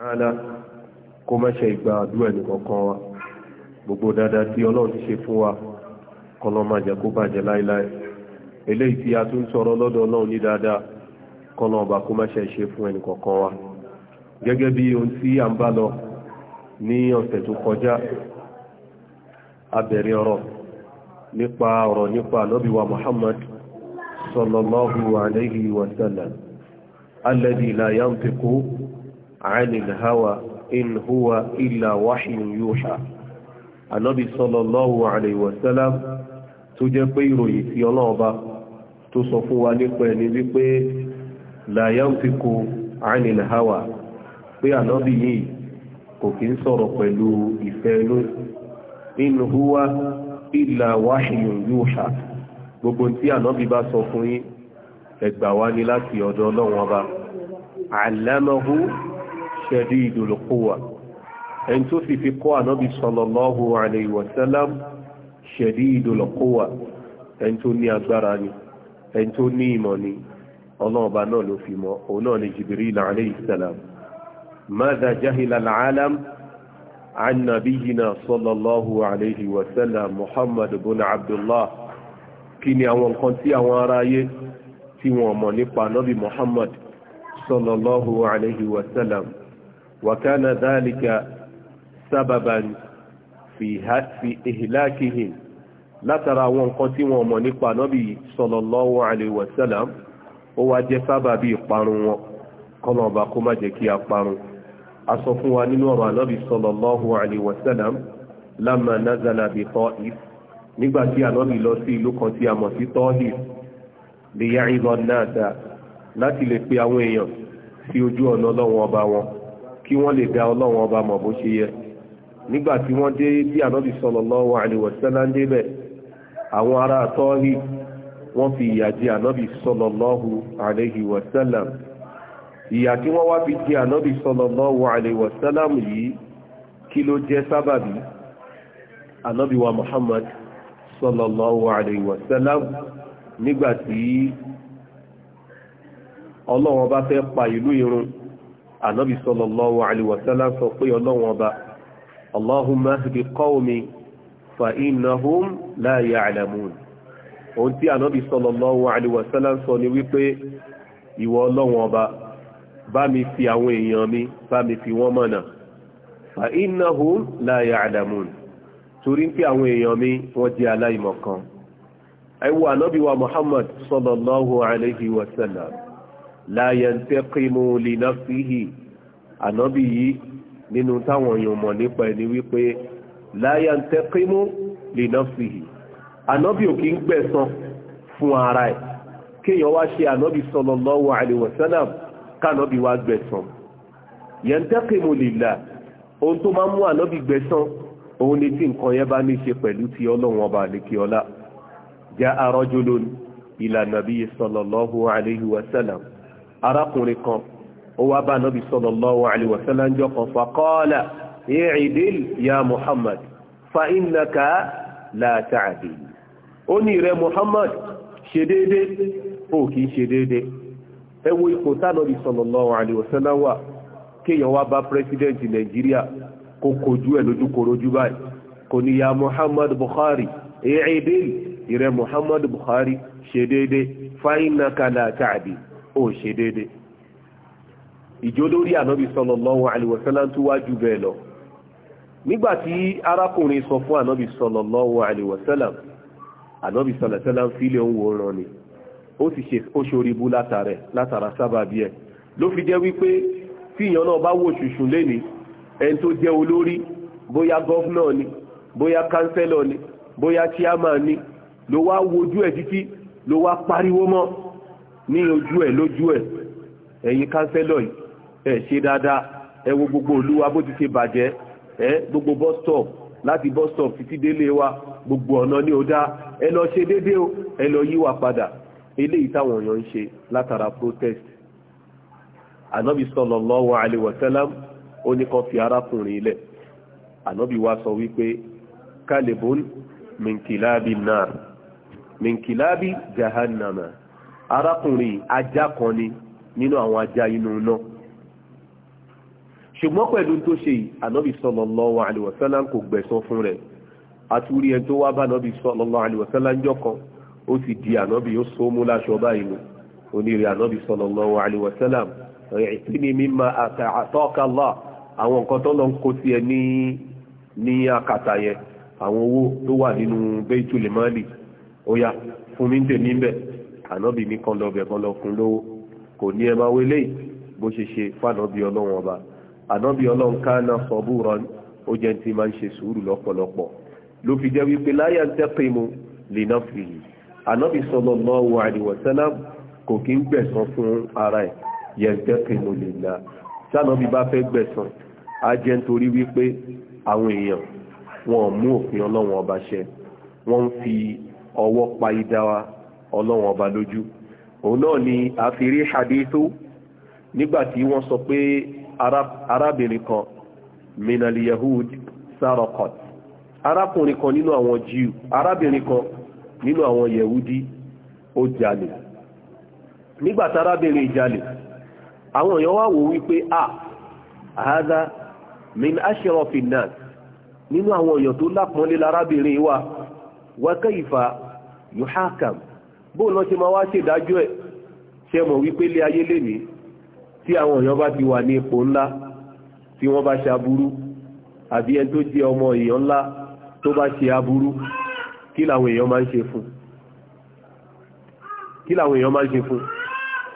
ta'ala kó má ìgbà àdúrà ẹni kankan wa gbogbo dáadáa tí ọlọ́run ti ṣe fún wa kọlọ́ kó bàjẹ́ láíláí eléyìí tí a tún sọ̀rọ̀ lọ́dọ̀ ọlọ́run ní dáadáa ẹni kankan wa gẹ́gẹ́ bí ohun tí a ń bá lọ ní ọ̀sẹ̀ tó wa Muhammad عن الهوى إن هو إلا وحي يوحى النبي صلى الله عليه وسلم tó jẹ́ pé ìròyìn tí ọlọ́ọba tó sọ fún wa nípa ẹni wípé láyán fi kò hawa pé ànábì yìí kò kí ń sọ̀rọ̀ pẹ̀lú ìfẹ́ inú in huwa illa wahyun yuha gbogbo tí sọ shadidul quwa ẹni tó sì fi kọ́ ànábì sallallahu alayhi wa sallam shadidul quwa ẹni tó ní agbára ni ẹni tó ní ìmọ̀ ni ọlọ́ọ̀bá náà ló fi mọ́ òun náà ni Jibril alayhi salam ماذا جهل العالم عن نبينا صلى الله عليه وسلم محمد بن عبد الله kí ni àwọn kan tí àwọn aráyé tí صلى الله عليه وسلم وكان ذلك سببا في في إهلاكهم látara àwọn nǹkan tí wọn mọ̀ nípa nọ́bí sallallahu alaihi wasallam ó wá jẹ́ sábà bí ìparun wọn kọ́nà ọba kó má jẹ́ kí a parun a sọ fún wa nínú ọ̀rọ̀ ànọ́bí sallallahu alaihi wasallam lamma nazala bi Ta'if nígbà tí ànọ́bí lọ sí ìlú kan tí a mọ̀ sí Ta'if liya'idha an-nasa láti lè pe àwọn èèyàn sí ojú ọ̀nà ọlọ́wọ́n ọba wọn kí wọ́n lè dá ọlọ́run ọba mọ̀ bó ṣe yẹ nígbà tí wọ́n dé bí ànábì sallallahu alaihi wasallam débẹ̀ àwọn ará tọ́hí wọ́n fi ìyà jẹ ànábì sallallahu alaihi wasallam ìyà tí wọ́n wá fi jẹ ànábì sallallahu alaihi wasallam yìí kí ló jẹ́ sábàbí ànábì wa Muhammad sallallahu alaihi wasallam nígbà tí ọlọ́run ọba fẹ́ pa ìlú irun ànábì sallallahu alaihi wa sallam sọ pé ọlọ́wọ́n ọba allahumma ahdi qawmi fa innahum la ya'lamun ohun tí ànábì sallallahu alaihi wa sallam sọ ni wípé ìwọ ọlọ́wọ́n ọba bá mi fi àwọn èèyàn mi bá mi fi wọ́n mọ̀nà fa innahum la ya'lamun torí pé àwọn èèyàn mi wọ́n jẹ́ aláìmọ̀kan ẹ wo wa muhammad sallallahu alaihi wa la yantaqimu li nafsihi ànábì yìí nínú táwọn èèyàn mọ̀ nípa ẹni wípé la yantaqimu li nafsihi ànábì ò kí ń gbẹ̀san fún ara ẹ̀ kéèyàn wá ṣe ànábì sallallahu alaihi wasallam kánábì wá gbẹ̀san yantaqimu lillah ohun tó máa ń mú ànábì gbẹ̀san òun ni tí nǹkan yẹn bá ní ṣe pẹ̀lú ti ọlọ́run ọba àlekíọ́lá jaa rajulun ila nabiyyi sallallahu alaihi wasallam arákùnrin kan ó wá bá nọ́bí sallallahu alaihi wasallam ń jọ kan faqala i'dil ya muhammad fa innaka la ta'dil ó ní rẹ muhammad ṣe déédé ó kìí ṣe déédé ẹ ipò tánọ́bí sallallahu alaihi wasallam wà wá bá pírẹsidẹ́ǹtì nàìjíríà kó kojú ẹ̀ lójú korojú báyìí kò ní ya muhammad buhari i'dil ìrẹ muhammad buhari ṣe déédé fa innaka la ta'dil ó ṣe déédéé ìjó lórí ànábì sallallahu alaihi wasallam tó wájú bẹ́ẹ̀ lọ sọ fún sallallahu alaihi wasallam sallallahu alaihi wasallam fílẹ̀ ń ni ó sì ṣe ó ṣoríbú látara sábà sábàbí ẹ̀ ló fi jẹ́ wípé tí ìyàn náà bá ṣùṣù léni. ẹni tó olórí bóyá gọ́vnà ni bóyá kánsẹ́lọ̀ ni bóyá ló wá wojú ẹ̀ títí wá pariwo mọ́ ní ojú ẹ̀ lójú ẹ̀ ẹ̀yin kánsẹ́lọ̀ yìí ẹ̀ ṣe dáadáa ẹ wo gbogbo olúwa bó ti ṣe bàjẹ́ ẹ gbogbo bus stop láti bus stop títí délé wa gbogbo ọ̀nà ní ó dá ẹ lọ ṣe déédéé o ẹ lọ yíwà padà eléyìí táwọn èèyàn ń ṣe látara protest ànábì sallallahu alaihi wasallam ó ní kan fi arákùnrin ilẹ̀ ànábì wa sọ wípé kálíbùn mìnkìlábì náà mìnkìlábì jahannama arákùnrin ajá kan ni nínú àwọn ajá inú náà ṣùgbọ́n pẹ̀lú tó ṣe ànábì sallallahu alaihi wasallam kò gbẹ̀san fún rẹ̀ àtúrí ẹni tó wá bá ànábì sallallahu alaihi wasallam jọ kan ó ti di ànábì ó so mú láṣọ báyìí nù onírè ànábì sallallahu alaihi wasallam i'tini mimma ata'aka Allah àwọn nǹkan tó lọ ń kó sí ẹ ní ní akàtà yẹn àwọn owó tó wà nínú baitul mali ó yá fún mi ń tèmi ń bẹ̀ ànábì mi kan lọ́bẹ̀ kan lọ́kùn lówó kò ní ẹ máa wélé bó ṣe ṣe fànábì ọlọ́run ọba ànábì ọlọ́run kánà sọ́bùrọ̀ ó jẹ́ ti máa ń ṣe sùúrù lọ́pọ̀lọpọ̀ ló fi jẹ́ wípé láyà ń tẹ́pẹ̀mù lè náà fi yìí ànábì sallallahu alaihi wasallam kò kí ń gbẹ̀san fún ara ẹ̀ yẹn tẹ́pẹ̀mù lè náà sànábì bá fẹ́ gbẹ̀san á jẹ́ nítorí wípé àwọn èèyàn wọn mú òfin ọlọ́run ọba ṣẹ wọ́n fi ọwọ́ pa idá ọlọ́run ọba lójú òun náà ni a fi rí hadithu nígbàtí wọ́n sọ pé arábìnrin kan minal yahud sarakot arákùnrin kan nínú àwọn jew arábìnrin kan nínú àwọn yahudi ó jalè nígbàtí arábìnrin jalè àwọn èèyàn wá wò wípé a àádá min ashrafin nínú àwọn èèyàn tó lápọ́nlé lárábìnrin wa wa kaifa yuhakam bóun náà ṣe máa wá ṣèdájọ́ ẹ̀ ṣe mọ̀ wípé lé ayé lèmi tí àwọn èèyàn bá ti wà ní ipò ńlá tí wọ́n bá ṣe aburú àbí ẹni tó jẹ́ ọmọ èèyàn ńlá tó bá ṣe aburú kí làwọn èèyàn máa ń ṣe fún kí làwọn èèyàn máa ń ṣe fún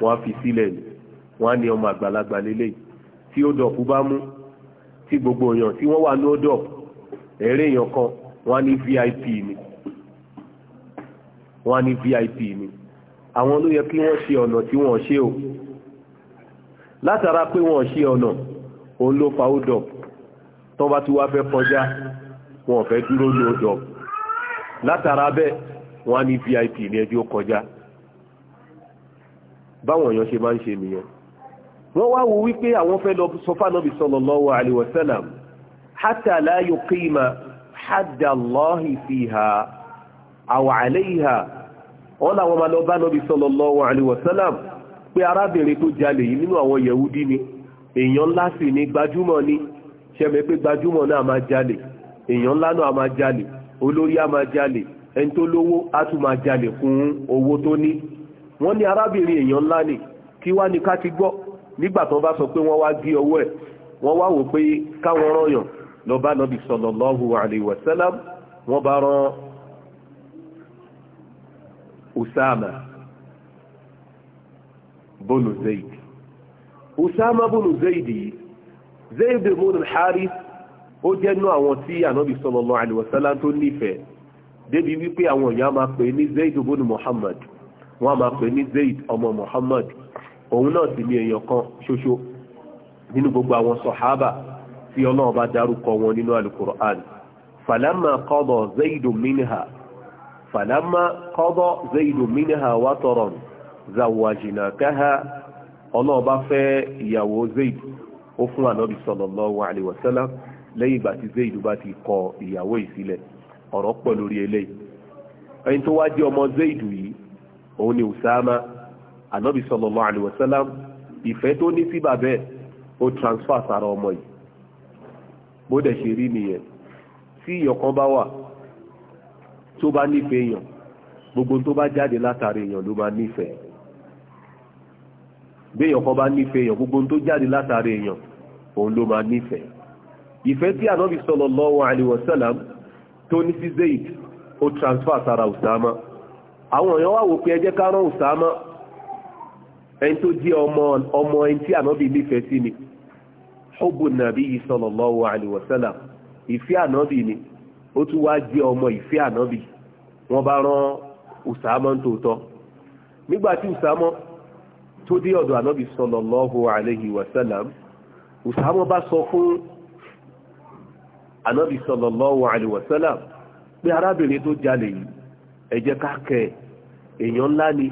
wọ́n á fi sílẹ̀ ni wọ́n á ní ọmọ àgbàlagbà lélẹ̀ tí ó dọ̀pù bá mú tí gbogbo èèyàn tí wọ́n wà ní ó dọ̀pù ẹ̀rẹ́ èèyàn kan wọ́n á ní vip ni wọ́n ní vip ni àwọn ló yẹ kí wọ́n ṣe ọ̀nà tí wọ́n ṣe o látara pé wọ́n ṣe ọ̀nà òun ló fa ó dọ̀ tó bá ti wá fẹ́ kọjá wọ́n fẹ́ dúró ló dọ̀ látara bẹ́ẹ̀ wọ́n ní vip ní ẹjọ́ kọjá báwọn èèyàn ṣe máa ń ṣe nìyẹn wọ́n wá wo wípé àwọn fẹ́ lọ sọ fánàbì sallallahu alaihi wasallam hatta la yuqima haddallahi fiha aw wọ́n làwọn máa lọ bá nọ́bí sallallahu alaihi wasallam pé arábìnrin tó jalè yìí nínú àwọn yẹ̀wúdí ni èèyàn ńlá sì ni gbajúmọ̀ ni ṣẹ̀mẹ̀ pé gbajúmọ̀ náà máa jalè èèyàn ńlá náà máa jalè olórí á máa jalè ẹni tó lówó á tún máa jalè fún owó tó ní wọ́n ní arábìnrin èèyàn ńlá ni kí wá ní ká ti gbọ́ nígbà tó bá sọ pé wọ́n wá gé ọwọ́ ẹ̀ wọ́n wá wò pé káwọn rọyàn lọ Usama bọ́nù Zaid Usama bọ́nù Zaid yìí Zaid bọ́nù Harith ó jẹ́nu àwọn tí ànábì sallallahu alaihi wasallam tó nífẹ̀ẹ́ débi wípé àwọn èèyàn máa pè ní Zaid bọ́nù Muhammad wọ́n máa pè ní Zaid ọmọ Muhammad òun náà sì ní èèyàn kan ṣoṣo nínú gbogbo àwọn sọ̀hábà tí ọlọ́run bá wọn nínú Al-Qur'an falamma Zaid minha fàlámà kọ́dọ̀ zayidu minha wátọ̀rọ̀ zawajinakaha ọlọ́ọ̀bá fẹ́ ìyàwó zayidu ó fún ànábì sallallahu alaihi wasallam lẹ́yìn ìgbà tí zayidu bá ti kọ ìyàwó yìí sílẹ̀ ọ̀rọ̀ pọ̀ lórí eléyìí ẹni tó wá jẹ́ ọmọ zayidu yìí òun ni usama ànábì sallallahu alaihi wasallam ìfẹ́ tó ní sí bàbẹ́ ó transfer sára ọmọ yìí bó dẹ̀ ṣe rí nìyẹn tí ìyọ̀kan bá wà tó bá nífẹ̀ẹ́ èèyàn gbogbo tó bá jáde látàrí èèyàn ló máa nífẹ̀ẹ́ béèyàn kan bá nífẹ̀ẹ́ èèyàn gbogbo tó jáde látàrí èèyàn òun ló máa nífẹ̀ẹ́ ìfẹ́ tí ànábì sallallahu alaihi wasallam tó ní sí Zaid ó transfer sára Usama àwọn èèyàn wá wò pé ẹ jẹ́ ká rán Usama ẹni tó jẹ́ ọmọ ẹni tí ànábì nífẹ̀ẹ́ sí ni hubbu nabi sallallahu alaihi wasallam ìfẹ́ ànábì ni ó tún wá jẹ́ ọmọ ìfẹ́ ànábì wọ́n bá rán Usama ń tòótọ́ nígbà tí Usama tó dé ọ̀dọ̀ ànábì sallallahu alayhi wa sallam Usama bá sọ fún ànábì sallallahu alayhi wa sallam pé arábìnrin tó jalè yìí ẹ jẹ́ ká kẹ èèyàn ńlá ni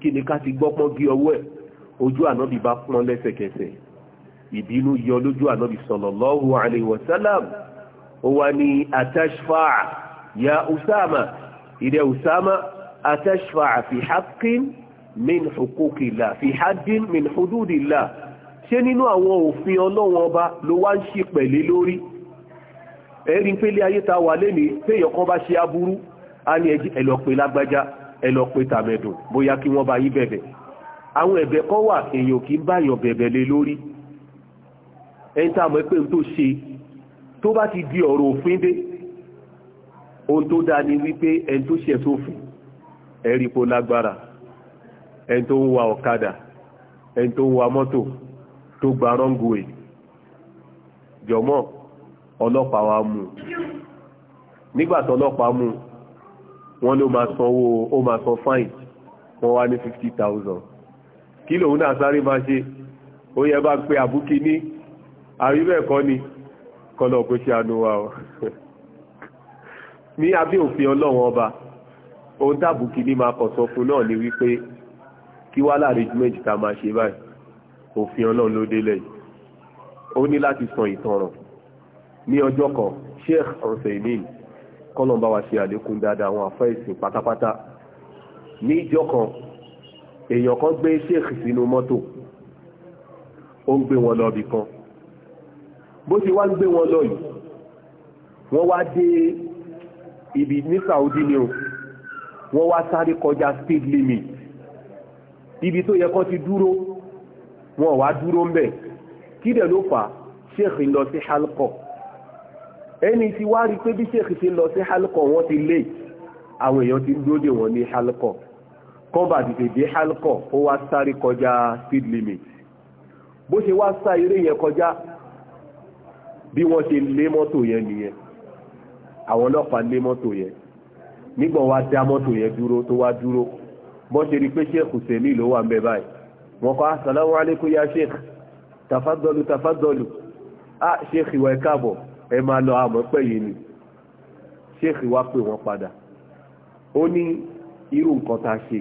kí ni ká ti gbọ́pọ́n gé ọwọ́ ẹ̀ ojú ànábì bá pọ́n lẹ́sẹ̀kẹsẹ̀ ìbínú yọ lójú ànábì sallallahu alayhi wa sallam ó wá ní atashfa'a ya usama ìdẹ̀ usama atashfa'a fi haqqin min huquqillah fi haddin min hududillah ṣé nínú àwọn òfin ọlọ́wọ́n ọba ló wá ń ṣe pẹ̀lẹ́ lórí ẹ̀rí pé lé ayé ta wà lénìí téèyàn kan bá ṣe aburú á ní ẹlọ́pẹ́ lágbájá ẹlọ́pẹ́ tàmẹ̀dùn bóyá kí wọ́n bá yí bẹ̀bẹ̀ àwọn ẹ̀bẹ̀ kan wà èèyàn kì í báyàn bẹ̀bẹ̀ lé lórí ẹni tá a mọ̀ pé n tó ṣe tó bá ti di ọ̀rọ̀ òfin dé ohun tó dáa ni wípé ẹn tó ṣẹ̀ sófin ẹ̀rí po lágbára ẹn tó ń wa ọ̀kadà ẹn tó ń wa mọ́tò tó gba rọ́ngùwé jọ̀mọ́ ọlọ́pàá wa mú nígbà tó ọlọ́pàá mú wọ́n ló máa sanwó ó máa san fáìn wọ́n wá ní 50,000 kí lòun náà sáré máa ṣe ó yẹ bá pé àbúkí ní àríbẹ̀ẹ́kọ́ ni kọ́lọ̀ kó ṣe àánú wa o ní abẹ́ òfin ọlọ́run ọba ohun táàbù kìíní máa kọ̀ sọ fún náà ni wípé kí wá láàrin ju méjì tá a máa ṣe báyìí òfin ọlọ́run ló délẹ̀ yìí ó ní láti san ìtanràn ní ọjọ́ kan sheikh ọ̀sẹ̀yìn kọ́lọ̀ bá wa ṣe àlékún dáadáa àwọn àfẹ́ ìsìn pátápátá ní ìjọ kan èèyàn kan gbé sheikh sínú mọ́tò ó ń gbé wọn lọ ibì bó ti wá ń gbé wọn lọ yìí wọ́n wá dé ibi ní Saudi ni o wọ́n wá sáré kọjá speed limit ibi tó yẹ kán ti dúró wọn wá dúró ń bẹ̀ kí dẹ̀ ló fà sheikh lọ sí halkọ ẹni tí wá rí pé bí sheikh ṣe lọ sí halkọ wọ́n ti late àwọn èèyàn ti ń dúró dè wọ́n ní halkọ kọ́ba tètè dé halkọ ó wá sáré kọjá speed limit bó ṣe wá sá eré yẹn kọjá bí wọ́n ṣe lé mọ́tò yẹn nìyẹn àwọn ọlọ́pàá lé mọ́tò yẹn nígbà wá dá mọ́tò yẹn dúró tó wá dúró bọ́ ṣe rí pé sheikh Hussein, ló wà ń bẹ báyìí wọ́n kọ́ asàlámù alaykum ya sheikh tafadọ́lù tafadọ́lù ah sheikh ìwà ẹ̀ káàbọ̀ ẹ máa lọ àmọ́ pẹ̀ yìí ni sheikh wá pè wọ́n padà ó ní irú nǹkan tá a ṣe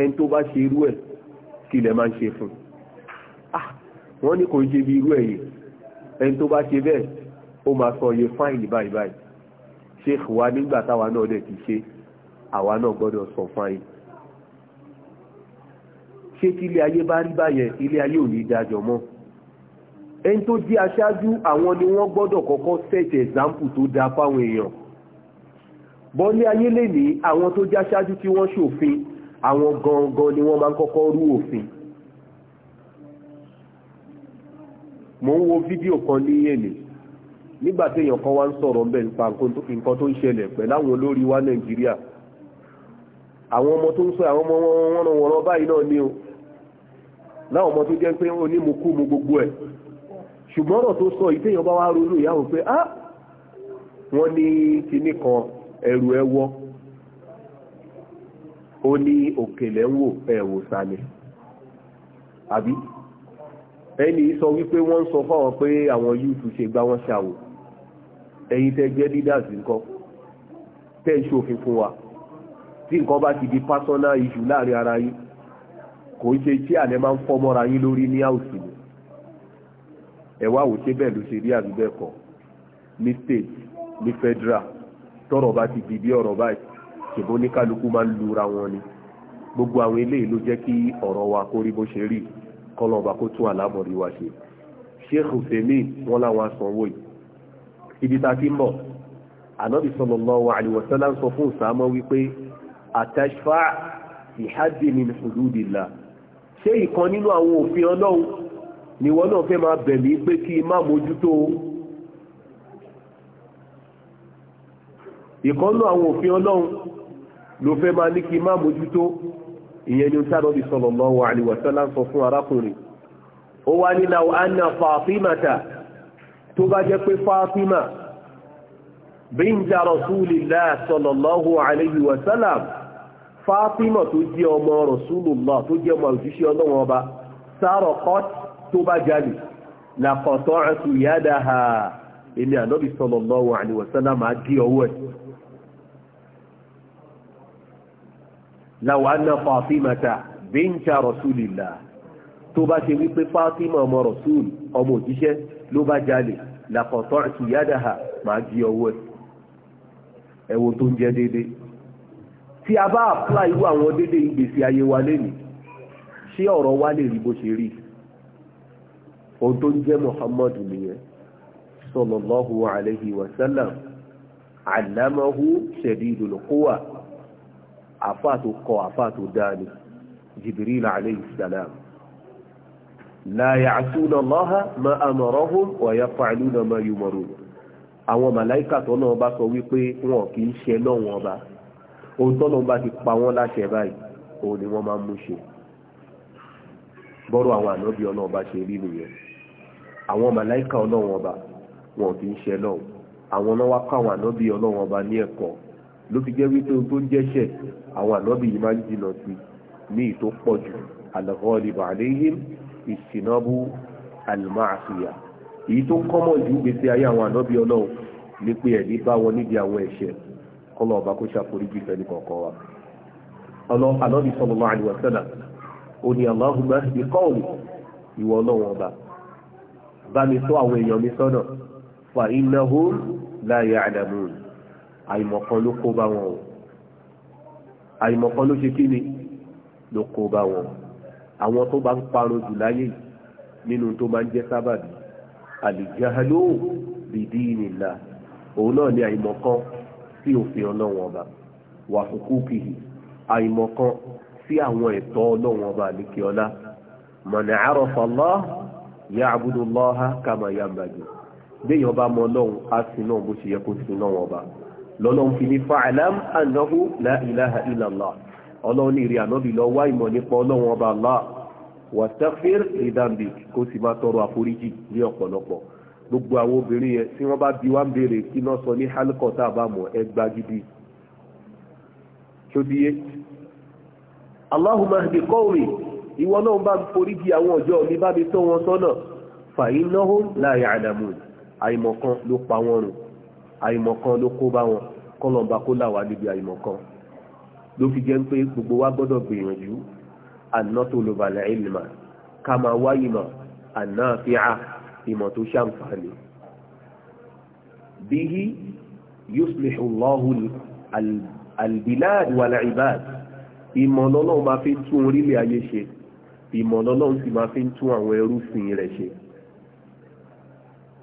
ẹni tó bá ṣe irú ẹ̀ kí lẹ̀ máa ń ṣe fún un ah wọ́n ní kò ń ṣe bí irú ẹ̀ yìí ẹni tó bá ṣe bẹ́ẹ̀ ó máa sọ iye fáìlì báyìí báyìí sheikh wa nígbà táwa náà dẹ̀ ti ṣe àwa náà gbọ́dọ̀ sọ fáìlì ṣé tí ilé ayé bá rí báyẹn ilé ayé ò ní dájọ́ mọ́ ẹni tó jẹ́ aṣáájú àwọn ni wọ́n gbọ́dọ̀ kọ́kọ́ sẹ̀tẹ̀ ẹ̀zámpù tó dáa fáwọn èèyàn bọ́lé ayé lè ní àwọn tó jẹ́ aṣáájú tí wọ́n ṣòfin àwọn gangan ni wọ́n máa kọ́kọ́ rú òfin mo ń wo fídíò kan ní èlé nígbà tí èèyàn kan wá ń sọ̀rọ̀ ń bẹ̀ nípa nǹkan tó ń ṣẹlẹ̀ pẹ̀lú àwọn olórí wa nàìjíríà àwọn ọmọ tó ń sọ àwọn ọmọ wọn wọ̀nrán báyìí náà ni o láwọn ọmọ tó jẹ́ pé ó ní mo kú mo gbogbo ẹ̀ ṣùgbọ́n ọ̀rọ̀ tó sọ ìtẹ́yàn bá wá ronú ìyáwó pé á ah! wọ́n ní kinní kan ẹ̀rù ẹwọ́ ó ní òkèlè ń wò ẹ̀wò sàlẹ̀ àbí ẹni sọ wípé wọ́n ń sọ fáwọn pé àwọn yúùtù ṣe gbá wọn ṣàwò ẹ̀yin tẹ́ jẹ́ leaders nǹkan tẹ́ ń ṣòfin fún wa tí nǹkan bá ti di personal issue láàrin ara yín kò ṣe tí àlẹ́ máa ń fọ́mọ́ra yín lórí ní àwùsì ni ẹ̀wá wò ṣe bẹ́ẹ̀ ló ṣe rí àbí bẹ́ẹ̀ kọ́ ní state ní federal tọ́rọ̀ bá ti di bí ọ̀rọ̀ báyìí ṣèbó ní máa ń lura wọn ni gbogbo àwọn eléyìí ló jẹ́ kí ọ̀rọ̀ wa kó bó ṣe rí kọ́lọ̀ ọba kó tún àlámọ̀rí wa ṣe sheikh hussein wọn làwọn asanwó yìí ibi tá a ti ń bọ̀ ànábì sallallahu alaihi wasallam ń sọ fún ìsàmọ́ wípé àtàṣfà ìhádìí min hududillah ṣé ìkan nínú àwọn òfin ọlọ́run ni wọ́n náà fẹ́ máa bẹ̀mí pé kí má mójútó ìkan nínú àwọn òfin ọlọ́run ló fẹ́ máa ní kí má mójútó ìyẹn ni sábàbí sallallahu alaihi wa sallam sọ fún arákùnrin ó wá ní law anna Fatimata tó bá jẹ́ pé Fatima bíńjà Rasulillah sallallahu alaihi wa sallam Fatima tó jẹ́ ọmọ Rasulullah tó jẹ́ ọmọ òjíṣẹ́ ọlọ́wọ́n ọba sarqat tó bá jalè laqata'tu yadaha èmi Ànábì sallallahu alaihi wa sallam máa gé ọwọ́ ẹ̀ law anna fatimata binta rasulillah tó bá ṣe wípé fatima ọmọ rasul ọmọ òjíṣẹ́ ló bá jalè laqata'tu yadaha máa jí ọwọ́ ẹ̀ ẹ̀wò tó ń jẹ́ dédé tí a bá àpúlà irú àwọn dédé ìgbésí ayé wa lẹ́nu ṣé ọ̀rọ̀ wa lè rí bó ṣe rí ohun tó ń jẹ́ muhammadu nìyẹn sallallahu alayhi wa sallam allamahu shadidul quwa àfáà tó kọ àfáà a dáa ni Jibril alayhi salam la na Allaha ma amarahum wa yaf'aluna ma yumarun àwọn màláìkà náà bá sọ wípé wọn kì í ṣe lọ́wọ́n ọba ohun tó náà bá ti pa wọ́n láṣẹ báyìí òun ni máa mú ṣe bọ́rọ̀ àwọn ànábì ọlọ́run bá ṣe rí nìyẹn àwọn màláìkà wọn kì í ṣe ló fi jẹ́ wípé tó ń jẹ́ṣẹ̀ àwọn ànábì yìí máa ń jìnà sí ní ìtó pọ̀ jù al-ghalibu alayhim ìsìnàbù al-ma'siyah èyí tó ń kọ́mọ̀ jù gbèsè ayé àwọn ànábì ọlọ́run ní pé ẹ̀mí bá wọn níbi àwọn ẹ̀ṣẹ̀ kọ́lọ̀ ọba kó ṣàforíjì fẹ́ni kọ̀ọ̀kan wa ànábì sallallahu alaihi wasallam ó ní Allahumma ihdi qawmi àìmọ̀kan ló kó bá wọn o àìmọ̀kan ló ṣe kí ni ló kó bá wọn àwọn tó bá ń parun jù láyé nínú tó máa ń jẹ́ sábàbí àlìjáhálò bìdí nìlá òun náà ni àìmọ̀kan sí òfin ọlọ́wọ́n ọba wà fúkú kìí àìmọ̀kan sí àwọn ẹ̀tọ́ ọlọ́wọ́n ọba àlìkíọ́lá mọ̀nà àròfà Allah ya'budu Allah kàmá yàmbàjẹ́ gbéyàn bá mọ ọlọ́run á sin náà bó ṣe yẹ kó sin náà wọn ọba lọ́lọ́run fi ní fa'alam annahu la ilaha illallah ọlọ́run ní ìrìn ànábì lọ wá ìmọ̀ nípa ọlọ́run ọba Allah wàtẹ́fẹ́r ìdàmbì kó sì máa tọrọ àforíjì ní ọ̀pọ̀lọpọ̀ gbogbo àwọn obìnrin yẹn tí wọ́n bá bí wá ń béèrè kí náà sọ ní hálùkọ́tà àbámọ̀ ẹgbà gidi ṣódíyé Allahumma hdi qawmi ìwọ náà bá foríjì àwọn ọjọ́ mi bá mi tọ́ wọn sọ́nà fa innahum la ya'lamun àìmọ̀kan ló pa wọn rùn àìmọ̀kan ló kó bá wọn kọ́lọ̀mbà kó là wá níbi àìmọ̀kan ló fi jẹ́ pé gbogbo wa gbọ́dọ̀ gbìyànjú ànátòlóbalẹ̀ ìlmà ká máa wá ìmọ̀ ànáàfíà ìmọ̀ tó ṣàǹfààní. bihi yuslihu Allahu albilad wal ibad ìmọ̀ lọ́lọ́run máa fi tún orílẹ̀ ayé ṣe ìmọ̀ lọ́lọ́run sì máa fi tún àwọn ẹrú sìn rẹ̀ ṣe.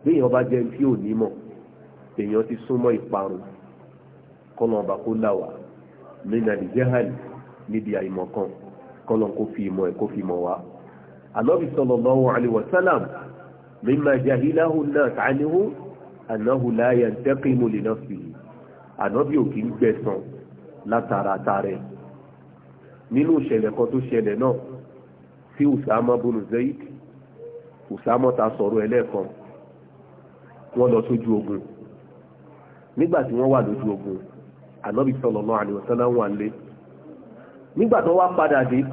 béèyàn bá jẹ́ tí ò nímọ̀ èèyàn ti súnmọ́ ìparun kọ́nà ọba kó láwà nínà ìjẹ́hàlì níbi àìmọ̀ kan kọ́nà kó fi ìmọ̀ ẹ̀ kó fi mọ̀ wá. ànábì sallallahu alaihi wasallam mimma jahilahu an-nas anhu annahu la yantaqimu li nafsihi ànábì ò kì í gbẹ̀san látara tarẹ̀ nínú ìṣẹ̀lẹ̀ kan tó ṣẹlẹ̀ náà sí Usama bunu Zaid ta sọ̀rọ̀ ẹlẹ́ẹ̀kan wọ́n lọ sójú ogun nígbà tí wọ́n wà lójú ogun ànábì sallallahu alaihi wasallam wà lé nígbà tó wá padà dé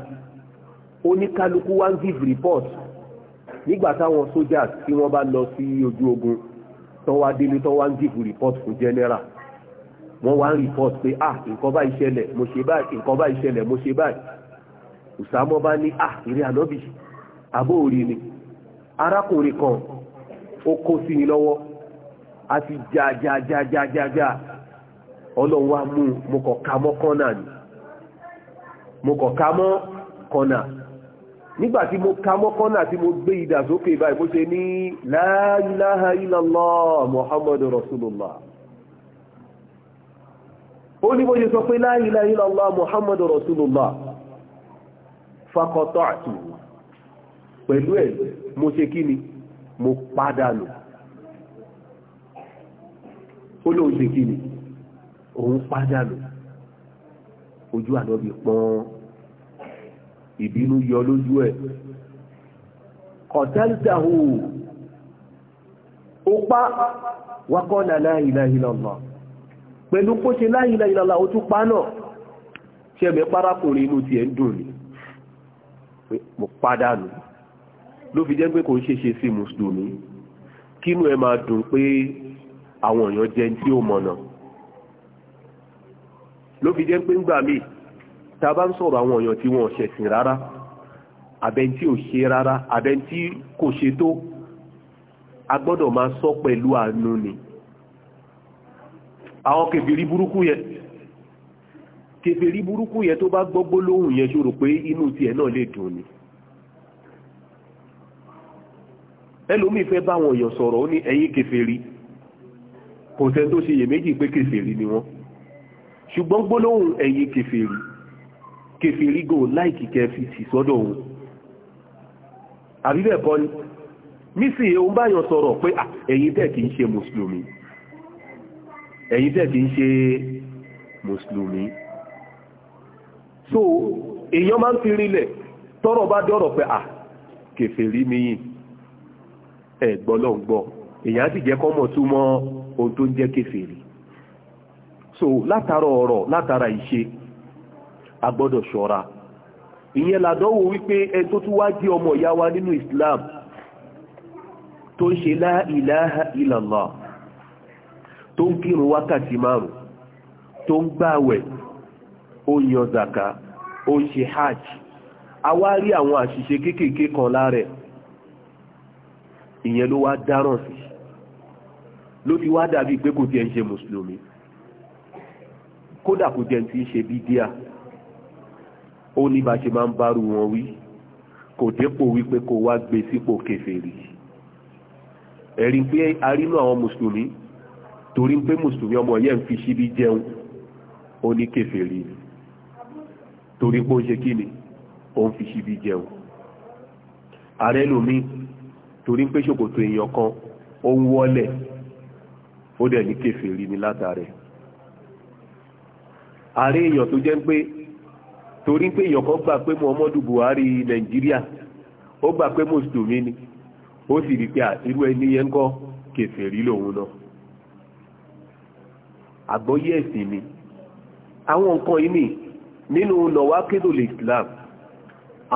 oníkálukú wá ń give report nígbà táwọn sójà tí wọ́n bá lọ sí ojú ogun tó wá délé tó wá ń give report fún general wọ́n wá ń report pé ah nǹkan báyìí ṣẹlẹ̀ mo ṣe báyìí nǹkan báyìí ṣẹlẹ̀ mo ṣe báyìí Usama bá ní ah eré ànábì àbóòrí ni arákùnrin kan ó kó sí ni lọ́wọ́ a ti já já já já já já ọlọ́run wá mú mo kọ̀ kọ́nà ni mo kọ ká mọ́ kọ́nà nígbà tí mo ká mọ́ kọ́nà tí mo gbé ìdà sókè báyìí bó ṣe ní la ilaha muhammadu rasulullah ó ní bó ṣe sọ pé la ilaha muhammadu rasulullah fakọtọ́ àtù pẹ̀lú ẹ̀ mo ṣe kí ni mo padà nù ó lóun ṣe kí ni òun pàdà lò ojú ànábì pọ́n ìbínú yọ lójú ẹ̀ kọ̀tẹ́lítàhù ó pa wákọ́ nà la ilaha illallah pẹ̀lú kó ṣe la ilaha illallah ó tún pa náà tí ẹ̀mẹ́ párákùnrin inú ti ẹ̀ ń dùn ní mo padà nù ló fi jẹ́ pé kò ń ṣe ṣe sí mùsùlùmí kínú ẹ máa dùn pé àwọn èèyàn jẹ́ tí ó mọ̀nà ló fi jẹ́ pé ń gbà mí tá a bá ń sọ̀rọ̀ àwọn èèyàn tí wọ́n ṣẹ̀sìn rárá abẹ́ni ò ṣe rárá abẹ́ni kò ṣe tó a gbọ́dọ̀ máa sọ pẹ̀lú àánú ni àwọn kèfèrí burúkú yẹn kèfèrí burúkú yẹn tó bá gbọ́ gbólóhùn yẹn ṣòro pé inú tiẹ̀ náà lè dùn ni ẹlòmíì fẹ́ báwọn èèyàn sọ̀rọ̀ ó ní ẹ̀yin kèfèrí kò sẹ́ tó ṣe iyèméjì pé kèfèrí ni wọ́n ṣùgbọ́n gbólóhùn ẹ̀yin kèfèrí kèfèrí gò láìkì kẹfì sí sọ́dọ̀ òun àbí bẹ́ẹ̀ kọ́ ni mísì òun báyàn sọ̀rọ̀ pé ẹ̀yin tẹ́ kìí ṣe mùsùlùmí ẹ̀yin tẹ́ kìí ṣe mùsùlùmí so èèyàn máa ń fi rinlẹ̀ tọ́rọ̀ bá dọ́rọ̀ pé à kèfèrí mi yìí ẹ̀gbọ́n lọ́n gbọ́ èèyàn á sì jẹ́ kọ́mọ̀ túmọ̀ ohun tó ń jẹ́ kèfèrí so látara ọ̀rọ̀ látara ìṣe a gbọ́dọ̀ ṣọ́ra ìyẹn làdánwò wípé ẹ tó tún wá jẹ́ ọmọ ìyá wa nínú Islam tó ń ṣe la ilaha illallah tó ń kírun wákàtí márùn tó ń gbààwẹ̀ ó yan zaka ó ń ṣe hajj a wá rí àwọn àṣìṣe kéékèèké kan lára ìyẹn ló wá dáràn sí i ló fi wá dàbí pé kò tiẹ̀ ń ṣe mùsùlùmí kódà kò tiẹ̀ ti ń ṣe bídíà ó ní bá ṣe máa ń bárù wọn wí kò dépò wípé kò wá gbé sípò kèfèrí ẹ̀rí pé arínú àwọn mùsùlùmí torí pé mùsùlùmí ọmọ yẹn fi ṣíbí jẹun ó ní kèfèrí torí pé ó ṣe kí ni ó ń fi ṣíbí jẹun ààrẹ lòmí torí pé ṣòkòtò èèyàn kan ó ń wọlẹ̀ ó dẹ̀ ní kèfèrí ni látàrẹ ààrẹ èèyàn tó jẹ́ pé torí pé èèyàn kan gbà pé Muhammadu Buhari Nàìjíríà ó gbà pé mùsùlùmí ni ó sì rí pé irú ẹni yẹn ń kọ́ kèfèrí lòun náà àgbọ́yé ẹ̀sìn ni àwọn nǹkan yìí ni nínú nọ̀wá kédò Islam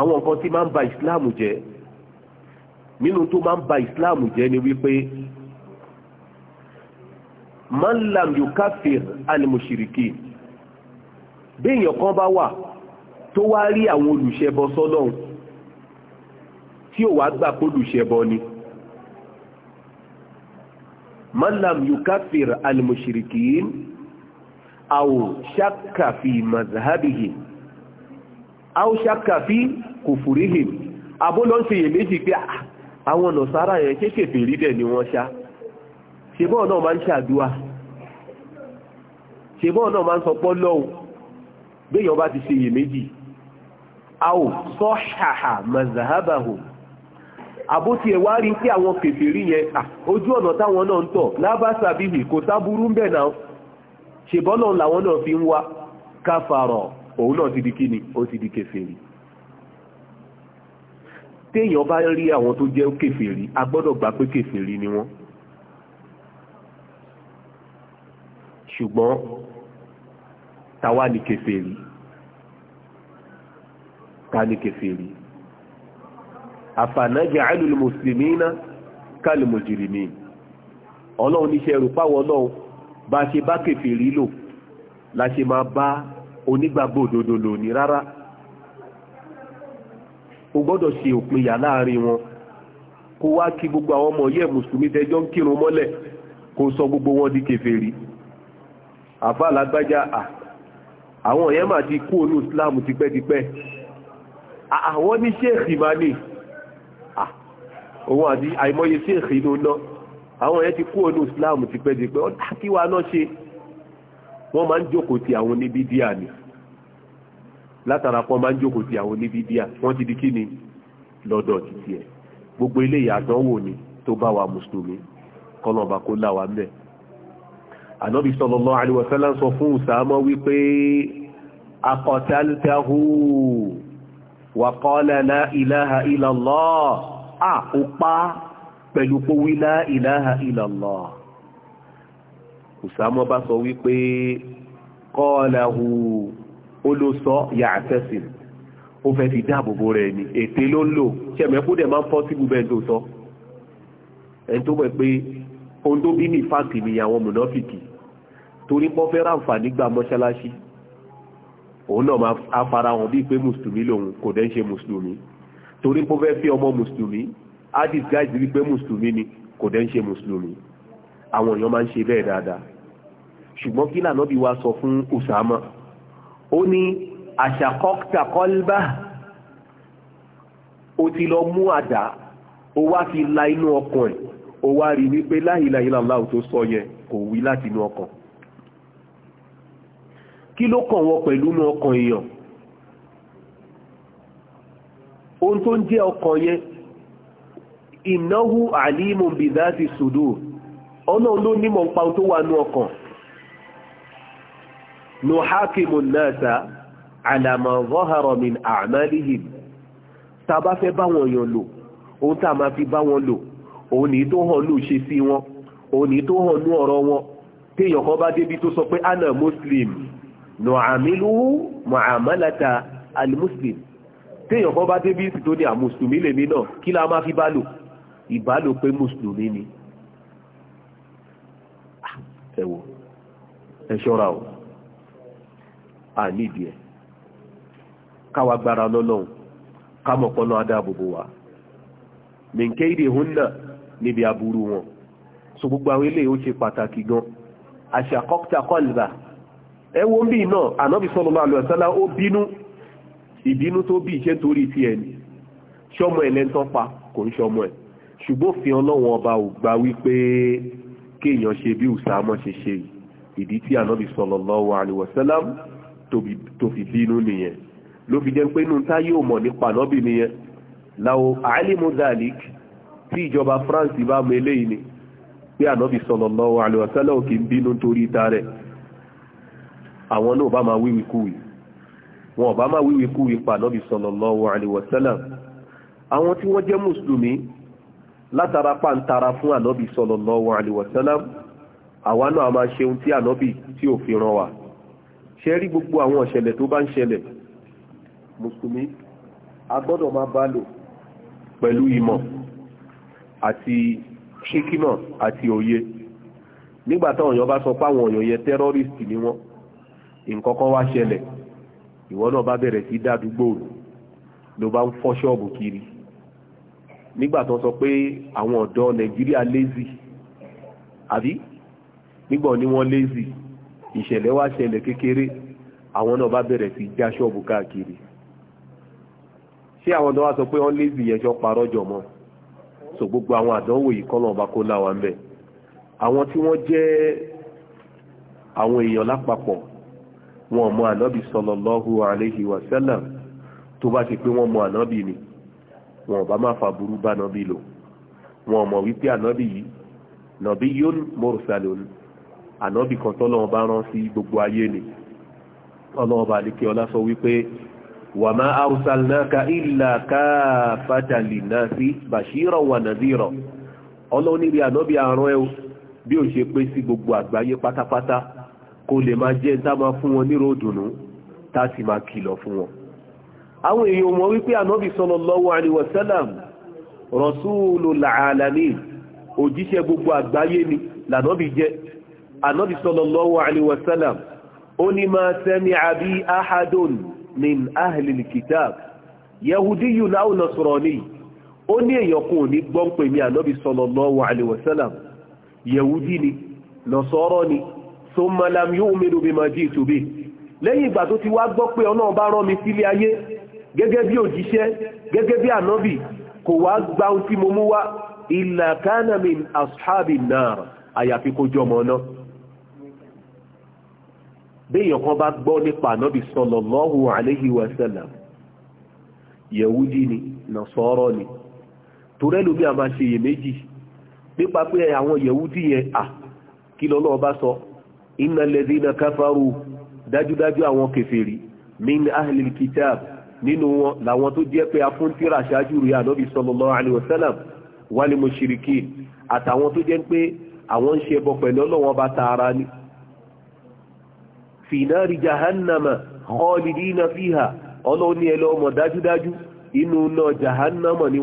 àwọn nǹkan tí máa ń ba Islam jẹ́ nínú tó máa ń ba Islam jẹ́ ni wípé man lam yukafir alimushiriki béèyàn kan bá wà tó wá rí àwọn olùṣẹbọ sọ́lọ́hun tí ò wá gbà pé olùṣẹbọ ni man lam yukafir alimushiriki aw shakka fi mazhabihim aw shakka kufurihim abúlọ́ ń ṣe iyèméjì pé ah, àwọn nọ̀sára yẹn ṣe ṣèfèrí dẹ̀ ni wọ́n ṣá ṣebọ́ náà máa ń ṣàdúà ṣebọ́ náà máa ń sọpọ́ lọ́wọ́ gbéyàn bá ti ṣe yè méjì àwò sọ́ṣàhà mazahabahu àbótí ẹ̀wà rí pé àwọn kèfèrí yẹn ojú ọ̀nà táwọn náà ń tọ̀ lábásà bíbì kò sábúrú ń bẹ̀ náà ṣebọ́ náà làwọn náà fi ń wá káfàrọ̀ òun náà ti di kíni ó ti di kèfèrí téèyàn bá rí àwọn tó jẹ́ kèfèrí a gbà pé kèfèrí ni wọ́n ṣùgbọ́n tàwa ni kèfèrí ta ni kèfèrí àfànàjà àìlùlù mùsùlùmí iná kálù mùjìrìmí ọlọ́run níṣẹ́ rò páwọ́ ọlọ́run bá ṣe bá kèfèrí lò la ṣe máa bá onígbàgbọ́ òdodo lò ní rárá o gbọ́dọ̀ ṣe òpinya láàrin wọn kó wá kí gbogbo àwọn ọmọ yẹ mùsùlùmí tẹjọ́ ń kírun mọ́lẹ̀ kó sọ gbogbo wọn di kèfèrí àfà lágbájá à àwọn èèyàn mà ti kú olú islam tipẹ́tipẹ́ àwọn ní ṣéèkì máa ní òun àti àìmọye ṣéèkì inú náà àwọn èèyàn ti kú olú islam tipẹ́tipẹ́ kíwa náà ṣe wọ́n máa ń jókòó ti àwọn níbi díà ni látara pọ́n máa ń jókòó ti àwọn níbi díà wọ́n ti di kí ni lọ́dọ̀ títí ẹ̀ gbogbo eléyìí àdánwò ni tó bá wa mùsùlùmí kọ́lọ́ọ̀bá kó láwa mẹ́ẹ̀ ànábì sallallahu alaihi wasallam sọ fún Usama wípé aqataltahu wa qala la ilaha illallah à ó pa pẹ̀lú kówí la ilaha illallah Usama bá sọ wípé qalahu ó ló sọ ya'tasim ó fẹ́ fi dáàbòbò rẹ̀ ni ètè ló lò ṣẹ̀mẹ́ kó tó sọ pé ohun tó bí ní fáàkì ni àwọn mùnáfìkì torí pọ́ fẹ́ ráǹfààní gba mọ́ṣáláṣí òun náà máa afara hàn bíi pé mùsùlùmí lòun kò dẹ́ ń ṣe mùsùlùmí torí pọ́ fẹ́ fi ọmọ mùsùlùmí adis guide rí pé mùsùlùmí ni kò dẹ́ ṣe mùsùlùmí àwọn èèyàn máa ń ṣe bẹ́ẹ̀ dáadáa ṣùgbọ́n kí lànà bí wa sọ fún Usama ó ní àṣàkọ́kta kọ́lbà ó ti lọ mú àdá ó wá fi la inú ọkàn ẹ̀ ó wá rí wípé la ilaha illallah kí ló kàn wọ́n pẹ̀lú inú ọkàn èèyàn ohun tó ń jẹ́ ọkàn yẹn ìnáwó àlímù bìdá ti sùdù ọ̀nà ló nímọ̀ pa ohun tó wà ní ọkàn nùhákìmù náà ta àlàmà zọ́hàrọ̀ min àmàlìhìm tá a bá fẹ́ bá wọn yàn lò ohun tá a máa fi bá wọn lò òun ní tó hàn lò ṣe sí wọn òun ní tó hàn ní ọ̀rọ̀ wọn téèyàn kan bá débi tó sọ pé ana muslim nùhàmìlúhù mùhàmàlàtà alimuslim téèyàn kan bá débi ìsìn tó ní àmùsùlùmí lèmi náà kí la máa fi bá lò ìbálò pé mùsùlùmí ni ah, ẹ wò ẹ ṣọ́ra o àníìdí ẹ káwa gbára lọ́lọ́run ká mọ̀ pọ́nà adáàbòbò wa mìnkéde húnnà níbi aburú wọn so gbogbo àwọn eléyìí ó ṣe pàtàkì gan àṣà kọ́kítà kọ́lbà ẹwọ́ ń bí náà ànábì sallallahu alaihi wasallam ó bínú ìbínú tó bí iṣẹ́ torí ti ẹ̀ ní ṣọ́mọ ẹ̀ lẹ́ńtọ́ pa kò ń ṣọmọ ẹ̀ ṣùgbọ́n fi ọlọ́wọ́n ọba ò gba wípé kéèyàn ṣe bí Usama ṣe ṣe ìdí tí ànábì sallallahu alaihi wasallam tó fi bínú nìyẹn ló fi jẹ́ pé inú tá yóò mọ̀ nípa ànábì nìyẹn láwo àálìmú zalik tí ìjọba France bá mọ eléyìí ni pé ànábì sallallahu alaihi wasallam kì í bínú torí ta rẹ̀ àwọn náà bá máa wíwí kúwì wọn bá máa wíwí kúwì pa nọ́bì sallallahu alaihi wasallam àwọn tí wọ́n jẹ́ mùsùlùmí látara pàǹtara fún ànọ́bì sallallahu alaihi wasallam àwa náà máa ṣe ohun tí ànọ́bì tí ò fi ràn wá ṣe rí gbogbo àwọn ìṣẹ̀lẹ̀ tó bá ń ṣẹlẹ̀ mùsùlùmí a gbọ́dọ̀ máa bá lò pẹ̀lú ìmọ̀ àti ṣíkímọ̀ àti òye nígbà táwọn èèyàn bá sọ páwọn èèyàn yẹn tẹ́rọ́rìsì ni wọ́n nǹkankan wa ṣẹlẹ̀ ìwọ náà bá bẹ̀rẹ̀ sí dádúgbò ló bá ń fọ́ ṣọ́ọ̀bù kiri nígbà tó sọ pé àwọn ọ̀dọ́ nàìjíríà lazy àbí nígbà ní wọ́n lazy ìṣẹ̀lẹ̀ wá ṣẹlẹ̀ kékeré àwọn náà bá bẹ̀rẹ̀ sí já ṣọ́ọ̀bù káàkiri ṣé àwọn ọ̀dọ́ wá sọ pé wọ́n lazy yẹn ṣọ́ parọ́ jọ mọ́ so gbogbo àwọn àdánwò yìí kọ́ lọ́nà bá kó láwa ń bẹ̀ àwọn tí wọ́n jẹ́ àwọn èèyàn lápapọ̀ wọn mọ ànábì sallallahu alayhi wa sallam tó bá ṣe pé wọ́n mọ ànábì ni wọn ò bá má fa burú bá ànábì lò wọn ò mọ̀ wípé ànábì yìí nàbí yón mursalun ànábì kan tọ́lọ́wọ́n bá rán sí gbogbo ayé ni ọlọ́wọ́n bá lékè ọlá sọ wípé wà máa arsalnaka illa kaafatan linnasi bashira wa nadhira ọlọ́wọ́n níbi ànábì àrán ẹ̀ bí ó ṣe pé sí gbogbo àgbáyé pátápátá kó lè máa jẹ́ tá máa fún wọn nírò òdùnnú tá sì máa kìlọ̀ fún wọn àwọn èèyàn mọ̀ wípé ànábì sallallahu alaihi wasallam rasulul alamin òjíṣẹ́ gbogbo àgbáyé ni lànábì jẹ́ ànábì sallallahu alaihi wasallam ó ní ma sami'a bi ahadun min ahlil kitab yahudiyun aw nasrani ó ní èèyàn kò ní thumma lam yu'minu bima ji'tu bihi lẹ́yìn ìgbà tó ti wá gbọ́ pé ọlọ́run bá rán mi sílé ayé gẹ́gẹ́ bí òjíṣẹ́ gẹ́gẹ́ bí ànábì kò wá gba ohun tí mo mú wá illa kana min ashabi nar àyàfi kó jọ ọmọ náà béèyàn kan bá gbọ́ nípa ànábì sallallahu alayhi wa sallam yẹ̀wúdí ni nàṣọ́rọ́ ni torẹ́ lómi àmà ṣe nípa pé àwọn yẹ̀wúdí yẹn à kí lọ́lọ́ ọba sọ innal ladhina kafaru dájúdájú àwọn kèfèrí min ahlil kitab nínú wọn làwọn tó jẹ́ pé afúntìrà ṣáájú rí ànábì sallallahu alaihi wasallam wal mushrikin àtàwọn tó jẹ́ pé àwọn ń ṣe bọ pẹ̀lú ọlọ́wọ́n bá tààrà ní fi nari jahannama fiha jahannama ni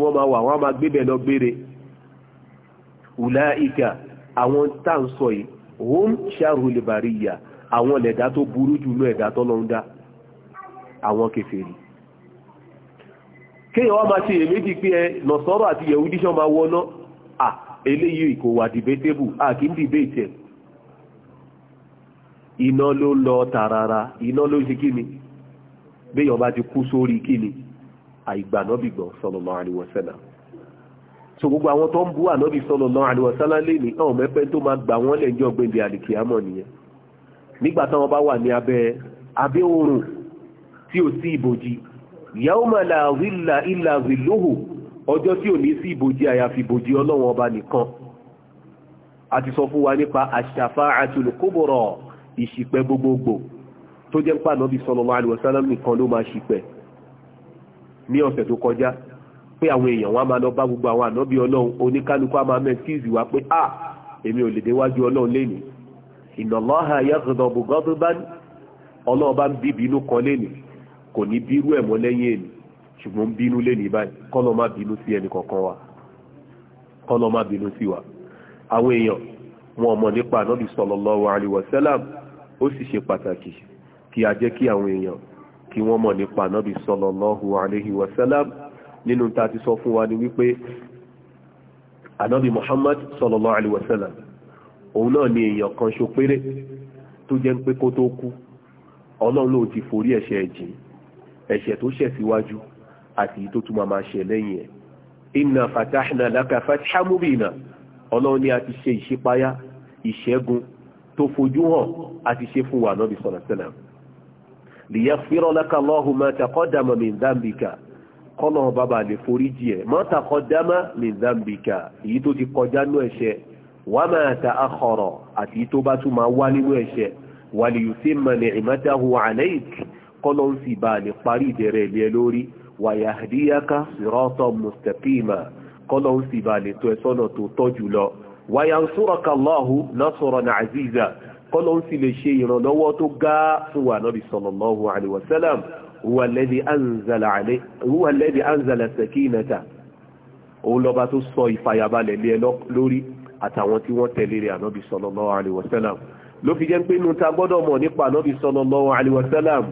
ulaika hum sharul bariya àwọn lẹ̀dá tó burú jù lọ ẹ̀dá tọ́lọ́hun dá àwọn kèfèrí kéèyàn wá máa ṣe èméjì pé ẹ eh, nọ̀sọ́rọ̀ àti yẹ̀wúdí ṣán máa wọ́ná à eléyìí kò wà dìbétébù à kì í dìbétẹ̀ iná ló lọ tààràrà iná ló ṣe kíni béèyàn bá ti kú sórí kíni so gbogbo àwọn tó ń bú ànábì sallallahu alaihi wasallam lè ní àwọn mẹ́fẹ́ tó máa gbà wọ́n lẹ́jọ́ gbèndé àlìkìyàmọ̀ nìyẹn nígbà táwọn bá wà ní abẹ́ abẹ́ oòrùn tí ò sí ìbòjì yawma la zilla illa zilluhu ọjọ́ tí ò ní sí ìbòjì àyàfi ìbòjì ọlọ́wọ́n ọba nìkan a ti sọ fún wa nípa ash-shafa'atul kubra ìṣìpẹ̀ gbogbogbò tó jẹ́ pàdánù bí sallallahu alaihi wasallam nìkan ló máa ṣìpẹ̀ ní ọ̀sẹ̀ tó kọjá pé àwọn èèyàn wọn a máa lọ bá gbogbo àwọn ànábì ọlọ́run oníkálukú a máa mẹ́síìsì pé a ah, èmi ò lè déwájú ọlọ́run lẹ́nu ìnàláha yàtọ̀ bùgọ́dún bá ní ọlọ́run bá ń kan lẹ́nu kò ní bírú ẹ̀ mọ́ lẹ́yìn ẹ̀nu ṣùgbọ́n bínú lẹ́nu báyìí kọ́lọ́ má bínú sí ẹnì kọ̀ọ̀kan wa kọ́lọ́ wọn nípa nínú ta ti sọ fún wa ni wípé Muhammad sallallahu alaihi òun náà ni èèyàn kan ṣo péré tó jẹ́ pé kó tó kú ọlọ́run ló ti forí ẹ̀ṣẹ̀ ẹ̀jìn ẹ̀ṣẹ̀ tó ṣẹ̀ síwájú àti tó tún máa ṣẹ̀ lẹ́yìn ẹ̀ inna fatahna laka fathan mubina a ti ṣe a ti ṣe kọ́nà bàbá lè foríjì ẹ̀ ma taqaddama min dhanbika èyí tó ti kọjá nú ẹ̀ṣẹ̀ wa ma ta'akhkhara àti tó bá tún máa wá nínú ẹ̀ṣẹ̀ wa li yutimma ni'matahu 'alayk kọ́nà ń sì bá lè parí ìdẹ̀rẹ̀ ilé lórí wa yahdiyaka siratan mustaqima kọ́nà ń sì bá lè tó ẹ sọ́nà tó tọ́jú lọ wa yansuraka Allahu nasran huwa alladhi anzala alayka huwa alladhi anzala sakinata òun lọ́ba tó sọ ìfàyàbalẹ̀ lé ẹ lórí àtàwọn tí wọ́n tẹ̀lé rẹ̀ ànábì sallallahu alayhi wa sallam ló fi jẹ́ pé inú ta gbọ́dọ̀ mọ̀ nípa ànábì sallallahu alayhi wa sallam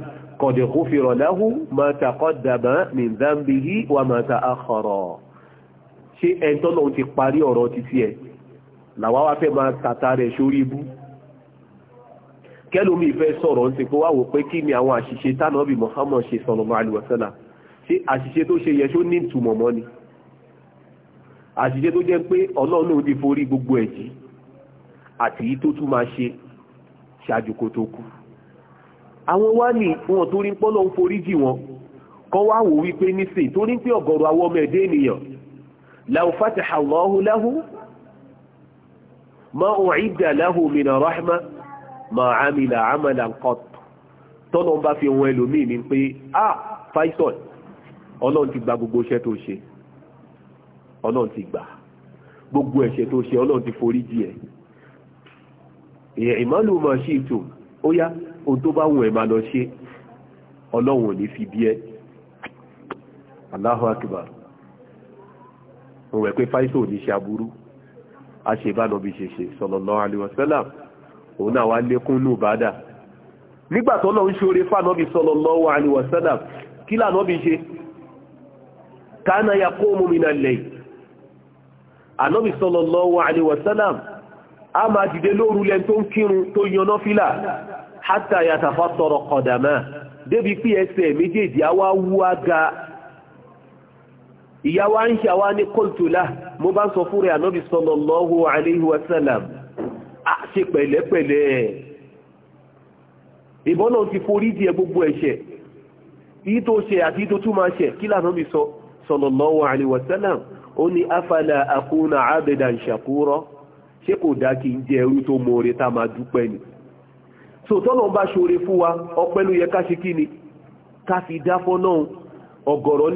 qad ghufira lahu ma taqaddama min dhanbihi wa ma ta'akhkhara ṣé ẹ̀ńtọ́ lòun ti parí ọ̀rọ̀ títí ẹ̀ làwa wá fẹ́ máa tàta rẹ̀ sórí ibú kẹ́lómi ìfẹ́ sọ̀rọ̀ ń sepó wá wò pé kí ni àwọn àṣìṣe tánàbì Muhammad ṣe sallallahu alaihi wasallam ṣé àṣìṣe tó ṣe yẹ ṣó ní ìtumọ̀ mọ́ ni àṣìṣe tó jẹ́ pé ọlọ́run ò ti forí gbogbo ẹ̀ jì àti yìí tó tún máa ṣe ṣáájú kó tó kú àwọn wá ní wọn torí pọ́lọ́ ń forí jì wọn kọ́ wá wò wípé nísìn torí pé ọ̀gọ̀rọ̀ àwọn ọmọ ẹ̀dẹ́ ènìyàn law fataha rahma ma amila amalan qat tọ́nà bá fi wọn ẹlòmíì ni pé ah faisal ọlọ́run ti gba gbogbo iṣẹ́ tó ṣe ọlọ́run ti gbà gbogbo ẹ̀ṣẹ̀ tó ṣe ọlọ́run ti forí jì ẹ́ èèyàn ìmọ̀lù máa ṣe ètò ó yá ohun tó bá wù ẹ̀ lọ ṣe ọlọ́run ní fi bí ẹ́ Allahu akbar mo wẹ̀ pé faisal ní ṣe aburú a ṣe ìbánabí ṣe ṣe sallallahu alaihi wasallam òun náà wá lékún ní ìbádà nígbà tó lọ ń ṣoore fánàbí sallallahu alaihi wasallam kí lànàbí ṣe kana yaqumu minal layl ànàbí sallallahu alaihi wasallam a máa dìde lóru lẹ́n tó ń kírun tó yaná fílà hatta yatafattara qadama débi pé ẹsẹ̀ méjèèjì á wá wú ága ìyàwó ń ṣe àwa ní kóòtù mo bá sọ fún rẹ̀ ànàbí sallallahu alaihi wasallam ṣe pẹ̀lẹ́pẹ̀lẹ́ ẹ̀ ìbọn náà ti forí di ẹ gbogbo ẹ̀ṣẹ̀ yìí tó ṣe àti tó tún máa ṣe kí lànà mi sọ sallallahu alaihi wasallam ó ní afala akuna abedan shakura ṣé kò dá kí n jẹ ẹrú tó ni sòtọ́nà bá ṣoore fún wa ọpẹ́ ló yẹ ká ṣe kí ni ká fi dá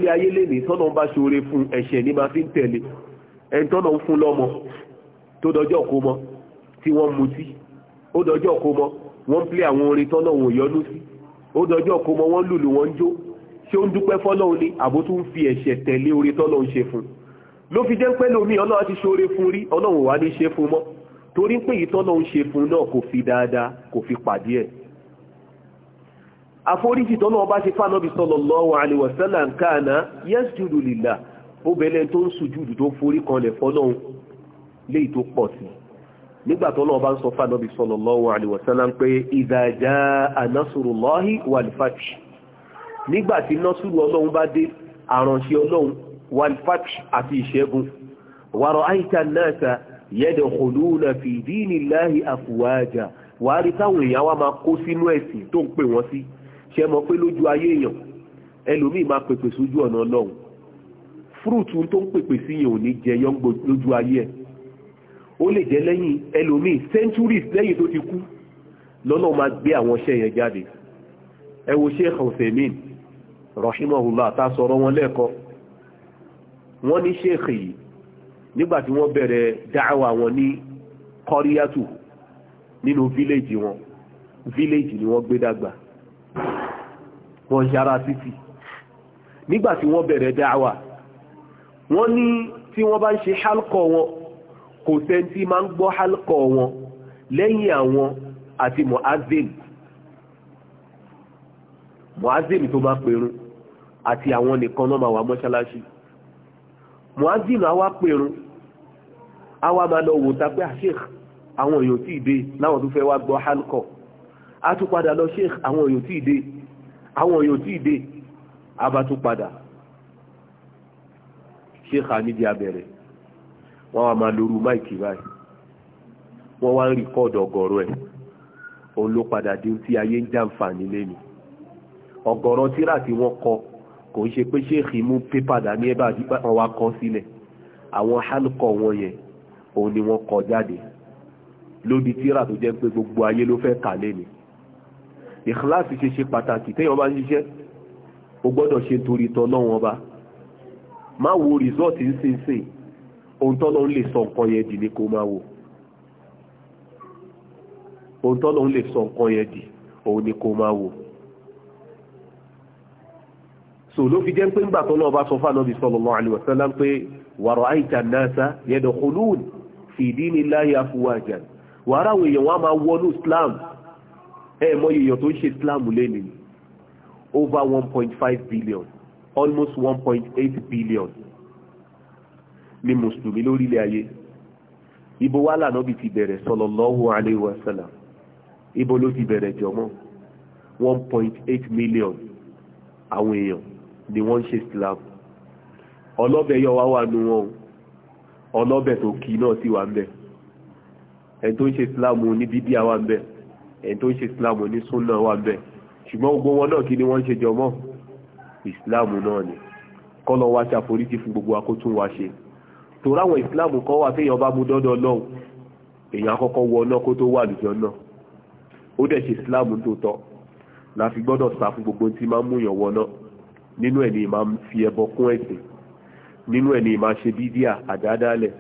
lé ayé lè ní tọ́nà bá ṣoore fún ẹ̀ṣẹ̀ ní máa fi ń tí wọ́n mutí ó dọjọ́ kó mọ wọ́n ń plé àwọn orin tọ́nà òun yọnú sí ó dọjọ́ kó mọ wọ́n lùlù wọ́n ń jó ṣé ó ń dúpẹ́ fọ́lọ́run ni àbó tún ń fi ẹ̀ṣẹ̀ tẹ̀lé orin tọ́nà ń ṣe fún ló fi jẹ́ pẹ́ lómi ọlọ́run ti ṣoore fún rí ọlọ́run wà ní ṣe fún mọ́ torí pé ìtọ́nà ń ṣe fún náà kò fi dáadáa kò fi pàdé ẹ̀ àforíjì tọ́nà ọba ṣe fánàbí sallallahu alaihi wasallam kana yasjudu lillah ó bẹ̀lẹ̀ tó ń sùjúdù tó forí kanlẹ̀ fọ́lọ́run léyìí tó pọ̀ sí i nígbà tó lọ́wọ́ bá ń sọ fánàbí sallallahu alaihi wasallam pé idha jaa nasrullahi wal fath nígbà tí násùrù ọlọ́run bá dé àránṣẹ́ ọlọ́run wal fath àti ìṣẹ́gun wa ra'ayta an-nasa yadkhuluna fi dinillahi afwaja wàá rí táwọn èèyàn wá máa kó sínú ẹ̀sìn tó ń pè wọ́n sí ó lè jẹ́ lẹ́yìn ẹlòmíì centuries lẹ́yìn tó ti kú lọ́nà máa gbé àwọn iṣẹ́ yẹn jáde ẹ wo Sheikh Uthaymin ta sọ̀rọ̀ wọn lẹ́ẹ̀kọ́ wọ́n ní sheikh yìí nígbàtí wọ́n bẹ̀rẹ̀ dáwà wọn ní kọ́ríyàtù nínú fíléèjì wọn fíléèjì ni wọ́n gbé dàgbà wọ́n yára títì nígbàtí wọ́n bẹ̀rẹ̀ dáwà wọ́n ní tí wọ́n bá ń ṣe hálkọ̀ wọn kò sẹ́ńtì máa ń gbọ́ hálkọ̀ wọn lẹ́yìn àwọn àti muazim muazim tó máa pèrún àti àwọn nìkan náà máa wà mọ́ṣáláṣí muazim àwa pèrún àwa máa lọ wò ta pé àṣeèk àwọn èèyàn tí ì dé láwọn tó fẹ́ wá gbọ́ hálkọ̀ a tún padà lọ sheikh àwọn èèyàn tí ì dé àwọn èèyàn tí ì dé a bá tún padà sheikh amidi abẹ́rẹ́ wọ́n wá máa lóru máìkì báyìí wọ́n wá ń rìkọ́ọ̀dù ọ̀gọ̀rọ̀ ẹ̀ òun ló padà di tí ayé ń jàǹfààní lẹ́nu ọ̀gọ̀rọ̀ tíra tí wọ́n kọ kò ń ṣe pé ṣéèkì mú pépà dání ẹ̀ bá wọn wá kọ́ sílẹ̀ àwọn hálùkọ̀ wọn yẹn òun ni wọ́n kọ jáde lódi tíra tó jẹ́ pé gbogbo ayé ló fẹ́ kà lẹ́nu ìkíláàsì ṣe ṣe pàtàkì téèyàn bá ń ṣiṣẹ́ o gbọ́dọ̀ ṣe torí tọ́ náà wọn bá má wo rìsọ́ọ̀tì ń sìn sìn ohun tọ́lọ ń lè sọ nǹkan yẹn dì ní kó máa wò ohun tọ́lọ ń lè sọ nǹkan yẹn dì òun ni kó máa wò so ló fi jẹ́ pé ńgbà tọ́lọ ọba sọ fáànà bí sallallahu alaihi wasallam pé wàrọ̀ àìjà náà yadkhulun fi dinillahi afwajan wàrà àwọn èèyàn wọn a máa wọnú Islam ẹ mọ èèyàn tó ń ṣe Islam lẹ́nìí over one point five billion almost one point eight billion ní mùsùlùmí lórílẹ̀ ayé ibo wà lànàbì ti bẹ̀rẹ̀ sallallahu alayhi wa sallam ibo ló ti bẹ̀rẹ̀ jọmọ́ 1.8 million àwọn èèyàn ni wọ́n ń ṣe Islam ọlọ́bẹ̀ yọ wá wà nù wọn ọlọ́bẹ̀ tó kì náà sì wà ń bẹ̀ ẹni tó ń ṣe Islam ní bídíà wà ń bẹ̀ ẹni tó ń ṣe Islam ní súnà wà ń bẹ̀ ṣùgbọ́n gbogbo wọn náà kí ni wọ́n ṣe jọmọ́ Islam náà ni kọ́lọ́ wa ṣàforíjì fún gbogbo akótún wa ṣe torí àwọn ìsìláàmù kan téèyàn bá mú dọ́dọ̀ náà èèyàn akọ́kọ́ wọ ọ̀nà kó tó wà lùjọ́ náà ó dẹ̀ ṣe islam tó tọ́ la fi gbọ́dọ̀ sá fún gbogbo tí máa ń mú èèyàn wọ nínú ẹ̀ ni máa fi ẹbọ kún ẹ̀sìn nínú ẹ̀ ni máa ṣe bídíà àdádálẹ̀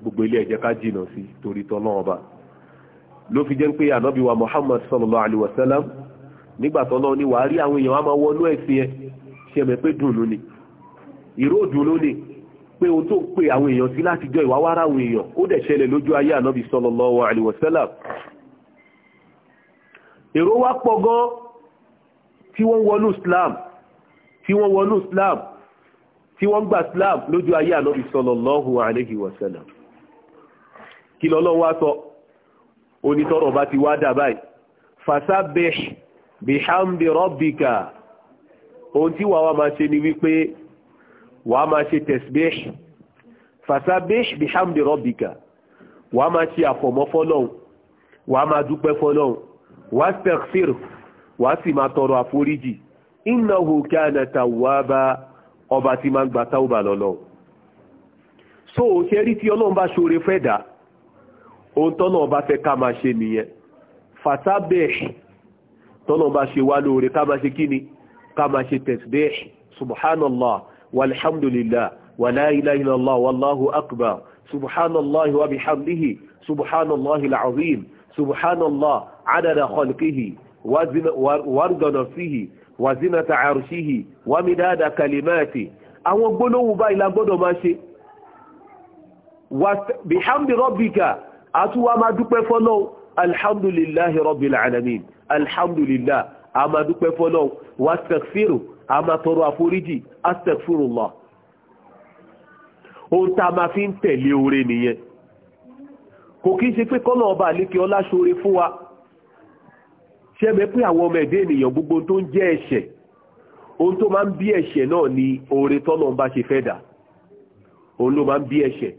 gbogbo ilé ẹ̀jẹ̀ ká jìnà sí torí tọ́lọ́wọ́n bá ló fi jẹ́ pé wa Muhammad sallallahu alaihi wasalam nígbà tọ́lọ́ ni wàá rí àwọn èèyàn á máa wọnú ẹ̀sìn ẹ̀ ṣe mẹ́ dùnú ni ìró dùnú ni pé o tó pe àwọn èèyàn sí láti jọ ìwáwárá àwọn èèyàn ó dẹ̀ ṣẹlẹ̀ lójú ayé ànábì sallallahu alaihi wasallam èrò wá pọ̀ gan tí wọ́n wọnú Islam tí wọ́n wọnú Islam tí wọ́n gba Islam lójú ayé ànábì sallallahu alaihi wasallam kí lọ́lọ́wọ́ wá sọ onítọ́rọ̀ bá ti wá dà báyìí fasabbih bihamdi rabbika ohun tí wàá wá máa ṣe ni wípé wàá máa ṣe tẹ̀síbẹ́ẹ̀ fasabẹ́ẹ̀ bihamdi rọ́bìkà wàá máa ṣe àfọ̀mọ́ fọ́lọ́hun wàá máa dúpẹ́ fọ́lọ́hun wàá stẹ̀fìr wàá sì máa tọrọ àforíjì innahu kana tawwaba ọba tí máa ń gba táwùbà lọ́lọ́ so ṣe rí tí ọlọ́run bá ṣoore fẹ́ dà ohun tọ́nà ọba fẹ́ ká máa ṣe nìyẹn fatabẹ́ẹ̀ tọ́nà ọba ṣe wá lóore ká máa ṣe kíni ká máa ṣe tẹ̀síbẹ́ẹ̀ subhanallah walhamdulillah wala ilaha illallah wallahu akbar subhanallah wa bihamdihi subhanallah alazim subhanallah adada khalqihi warda nafsihi wa zinata arshihi wa midada kalimati àwọn gbólóhùn báyìí la gbọ́dọ̀ máa ṣe bihamdi rabbika àtúwà máa dúpẹ́ fọ́lọ́wọ́ alhamdulillahi rabbil alamin alhamdulillah a máa dúpẹ́ fọ́lọ́wọ́ wastaghfiru a máa tọrọ àforíjì astaghfirullah ohun tá a máa fi ń tẹ̀lé oore nìyẹn kò kí ń ṣe pé kọ́nà ọba àlékè ọlá ṣoore fún wa ṣẹ́mi pé àwọn ọmọ ẹ̀dẹ́ ènìyàn gbogbo tó ń jẹ́ ẹ̀ṣẹ̀ ohun tó máa ń bí ẹ̀ṣẹ̀ náà ni oore tọ́nà ọba ṣe fẹ́ dà òun ló máa ń bí ẹ̀ṣẹ̀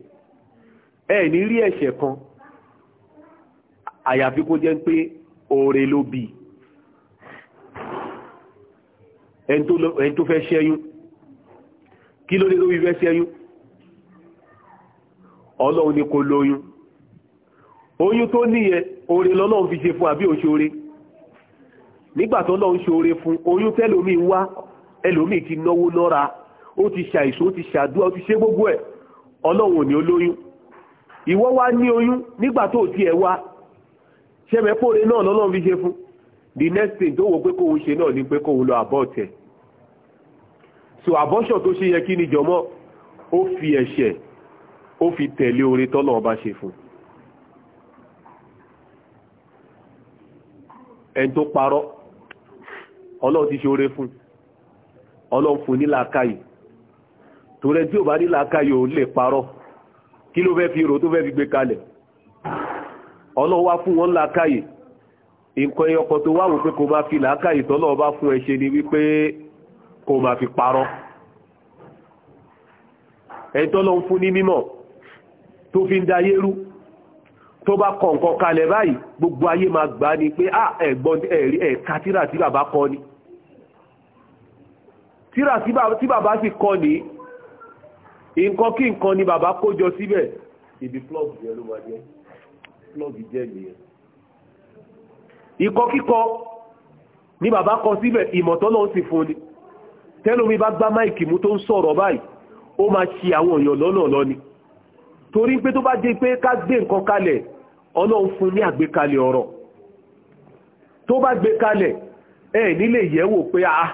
ẹ ní rí ẹ̀ṣẹ̀ kan àyàfi kó jẹ́ pé oore ló bíi ẹni tó fẹ́ ṣẹ́yún kí ló dé lórí fẹ́ ṣẹ́yún ọlọ́run ni kò lóyún oyún tó níyẹn oore lọ́lọ́run fi ṣe fún àbí òṣòre nígbà tó lọ́run ṣoore fún oyún tẹ́lómi wá ẹlòmíì ti náwó nọ́ra ó ti ṣàìsó ó ti ṣàdúrà ó ti ṣe gbogbo ẹ̀ ọlọ́run ò ní olóyún ìwọ wá ní oyún nígbà tó ẹ̀ wá ṣẹ́mẹ́póore náà lọ́lọ́run fi ṣe fún the next thing tó wo pé kóhun ṣe náà ni pé kóhun lọ abort so abortion tó ṣe yẹ kí ni jọmọ́ ó fi ẹ̀ṣẹ̀ ó fi tẹ̀lé oore tọ́lọ̀ ọba ṣe fún ẹni tó parọ́ ọlọ́run ti ṣe oore fún ọlọ́run fún nílàákàyè tó rẹ tí ò bá nílàákàyè ò lè parọ́ kí ló fẹ́ fi rò tó fẹ́ fi gbé kalẹ̀ ọlọ́run wá fún wọn nílàákàyè nǹkan ẹyọkọ tó wáwò pé kò máa fi làákà ìtọ́lọ̀ ọba fún ẹ ṣe ni wípé kò máa fi parọ́ ẹ̀tọ́lọ̀ ń fún ní mímọ̀ tó fi ń da ayé rú tó bá kọ nǹkan kalẹ̀ báyìí gbogbo ayé máa gbà ní pé à ẹ̀gbọ́n ẹ̀rí ẹ̀ka tíra tí bàbá kọ ni tíra tí bàbá sì kọ ní nǹkan kí nǹkan ni bàbá kó jọ síbẹ̀ ibi plọ́ọ̀gì yẹn ló máa jẹ́ jẹ́ nìyẹn ikọ́ kíkọ́ ní bàbá kọ síbẹ̀ ìmọ̀tọ́ náà fún ni tẹ́lómi bá gbá máìkì mú tó ń sọ̀rọ̀ báyìí ó máa ṣì àwọn èèyàn lọ́nà lọ́ni torí pé tó bá jẹ́ pé ká gbé nǹkan kalẹ̀ ọlọ́run fún ní àgbékalẹ̀ ọ̀rọ̀ tó bá gbé kalẹ̀ ẹ nílé yẹ̀wò pé a ah,